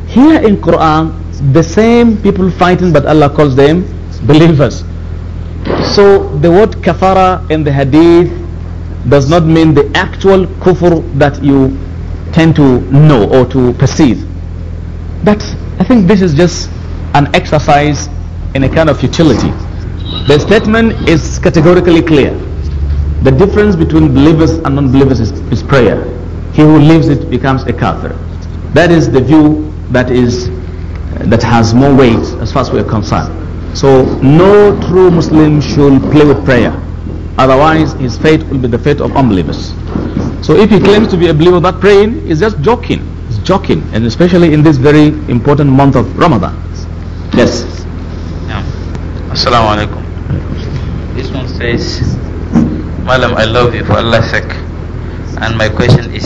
Here in Quran, the same people fighting, but Allah calls them believers. So the word kafara in the hadith does not mean the actual kufr that you tend to know or to perceive. But I think this is just an exercise in a kind of futility. The statement is categorically clear. The difference between believers and non-believers is, is prayer. He who leaves it becomes a kafir. That is the view that is that has more weight as far as we are concerned. So no true Muslim should play with prayer. Otherwise his fate will be the fate of unbelievers. So if he claims to be a believer but praying, he's just joking joking, and especially in this very important month of Ramadan. Yes. Yeah. Assalamu alaikum. This one says, Madam, I love you for Allah's sake. And my question is,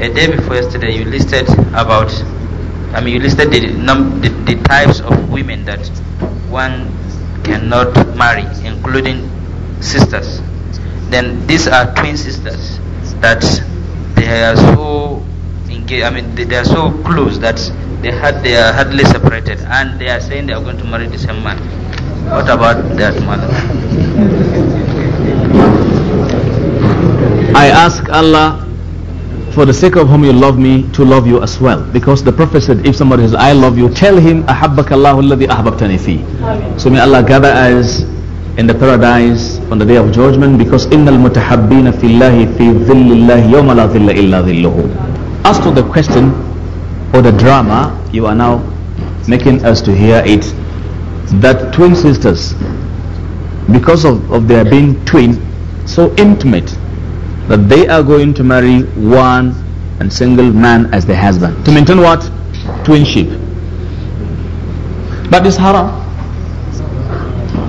a day before yesterday, you listed about, I mean, you listed the, num- the, the types of women that one cannot marry, including sisters. Then these are twin sisters that they are so I mean, they, are so close that they had they are hardly separated, and they are saying they are going to marry the same man. What about that man? I ask Allah for the sake of whom you love me to love you as well because the prophet said if somebody says i love you tell him so may allah gather us in the paradise on the day of judgment because innal mutahabbina fillahi fi dhillahi yawma la dhilla illa as for the question or the drama you are now making us to hear it, that twin sisters, because of, of their being twin, so intimate, that they are going to marry one and single man as their husband. To maintain what? Twinship. But it's haram.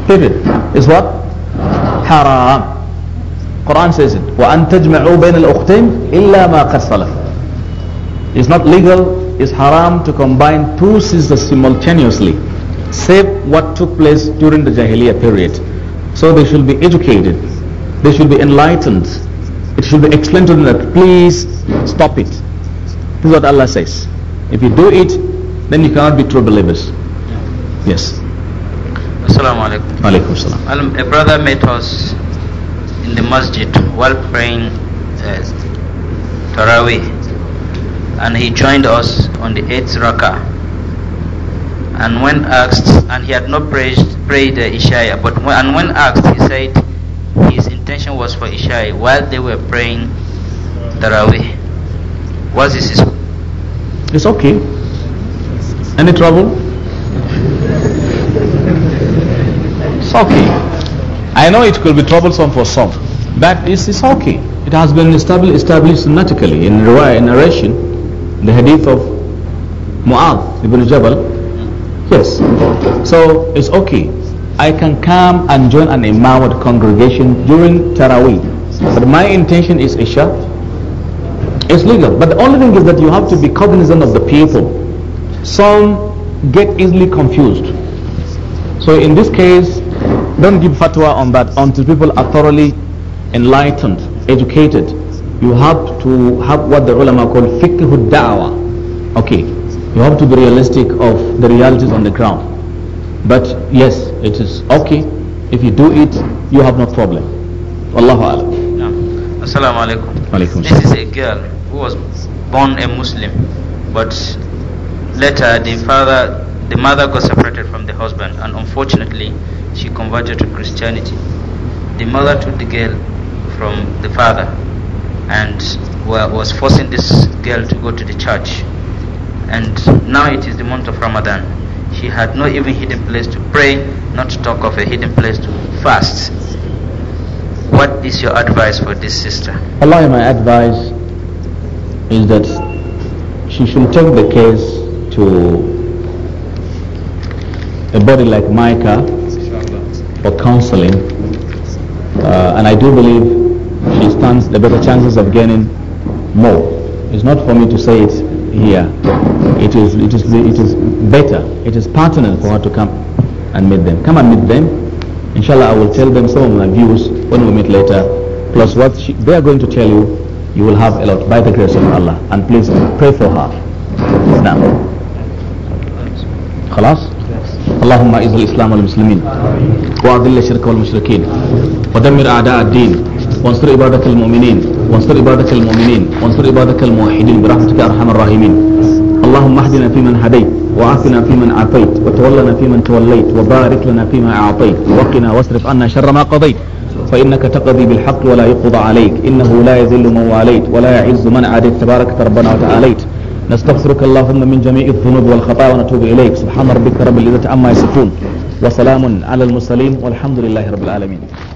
Period. is what? Haram. Quran says it. وَأَن تَجْمَعُوا بَيْنَ الْأُخْتَيْنِ إِلَّا مَا قَدْ it's not legal, it's haram to combine two sisters simultaneously, save what took place during the Jahiliyyah period. So they should be educated, they should be enlightened. It should be explained to them that please stop it. This is what Allah says. If you do it, then you cannot be true believers. Yes. Assalamu alaikum. Alaikum A brother met us in the masjid while praying uh, Taraweeh and he joined us on the eighth raka. And when asked, and he had not prayed, prayed uh, Ishaya, but when, and when asked, he said his intention was for Ishaya while they were praying taraweeh, What is this It's okay. Any trouble? it's okay. I know it could be troublesome for some, but it's, it's okay. It has been established, established in a narration the hadith of Mu'adh ibn Jabal. Yes. So it's okay. I can come and join an imam with congregation during Taraweeh. But my intention is Isha. It's legal. But the only thing is that you have to be cognizant of the people. Some get easily confused. So in this case, don't give fatwa on that until people are thoroughly enlightened, educated you have to have what the ulama call fiqh da'wa. Okay, you have to be realistic of the realities on the ground. But yes, it is okay. If you do it, you have no problem. Allahu Alam. Yeah. Assalamu alaikum. alaikum. This is a girl who was born a Muslim, but later the father, the mother got separated from the husband, and unfortunately, she converted to Christianity. The mother took the girl from the father and was forcing this girl to go to the church. And now it is the month of Ramadan. She had no even hidden place to pray, not to talk of a hidden place to fast. What is your advice for this sister? Allah, my advice is that she should take the case to a body like Micah for counseling. Uh, and I do believe she stands the better chances of gaining more. It's not for me to say it here. It is, it is, it is better. It is pertinent for her to come and meet them. Come and meet them. Inshallah, I will tell them some of my views when we meet later. Plus what she, they are going to tell you, you will have a lot by the grace of Allah. And please pray for her. Now. خلاص اللهم اعز الاسلام والمسلمين واذل الشرك والمشركين ودمر اعداء الدين وانصر عبادك المؤمنين وانصر عبادك المؤمنين وانصر عبادك الموحدين برحمتك ارحم الراحمين اللهم اهدنا فيمن هديت وعافنا فيمن عافيت وتولنا فيمن توليت وبارك لنا فيما اعطيت وقنا واصرف عنا شر ما قضيت فإنك تقضي بالحق ولا يقضى عليك إنه لا يذل من واليت ولا يعز من عاديت تبارك ربنا وتعاليت نستغفرك اللهم من جميع الذنوب والخطايا ونتوب إليك سبحان ربك رب العزة عما يصفون وسلام على المرسلين والحمد لله رب العالمين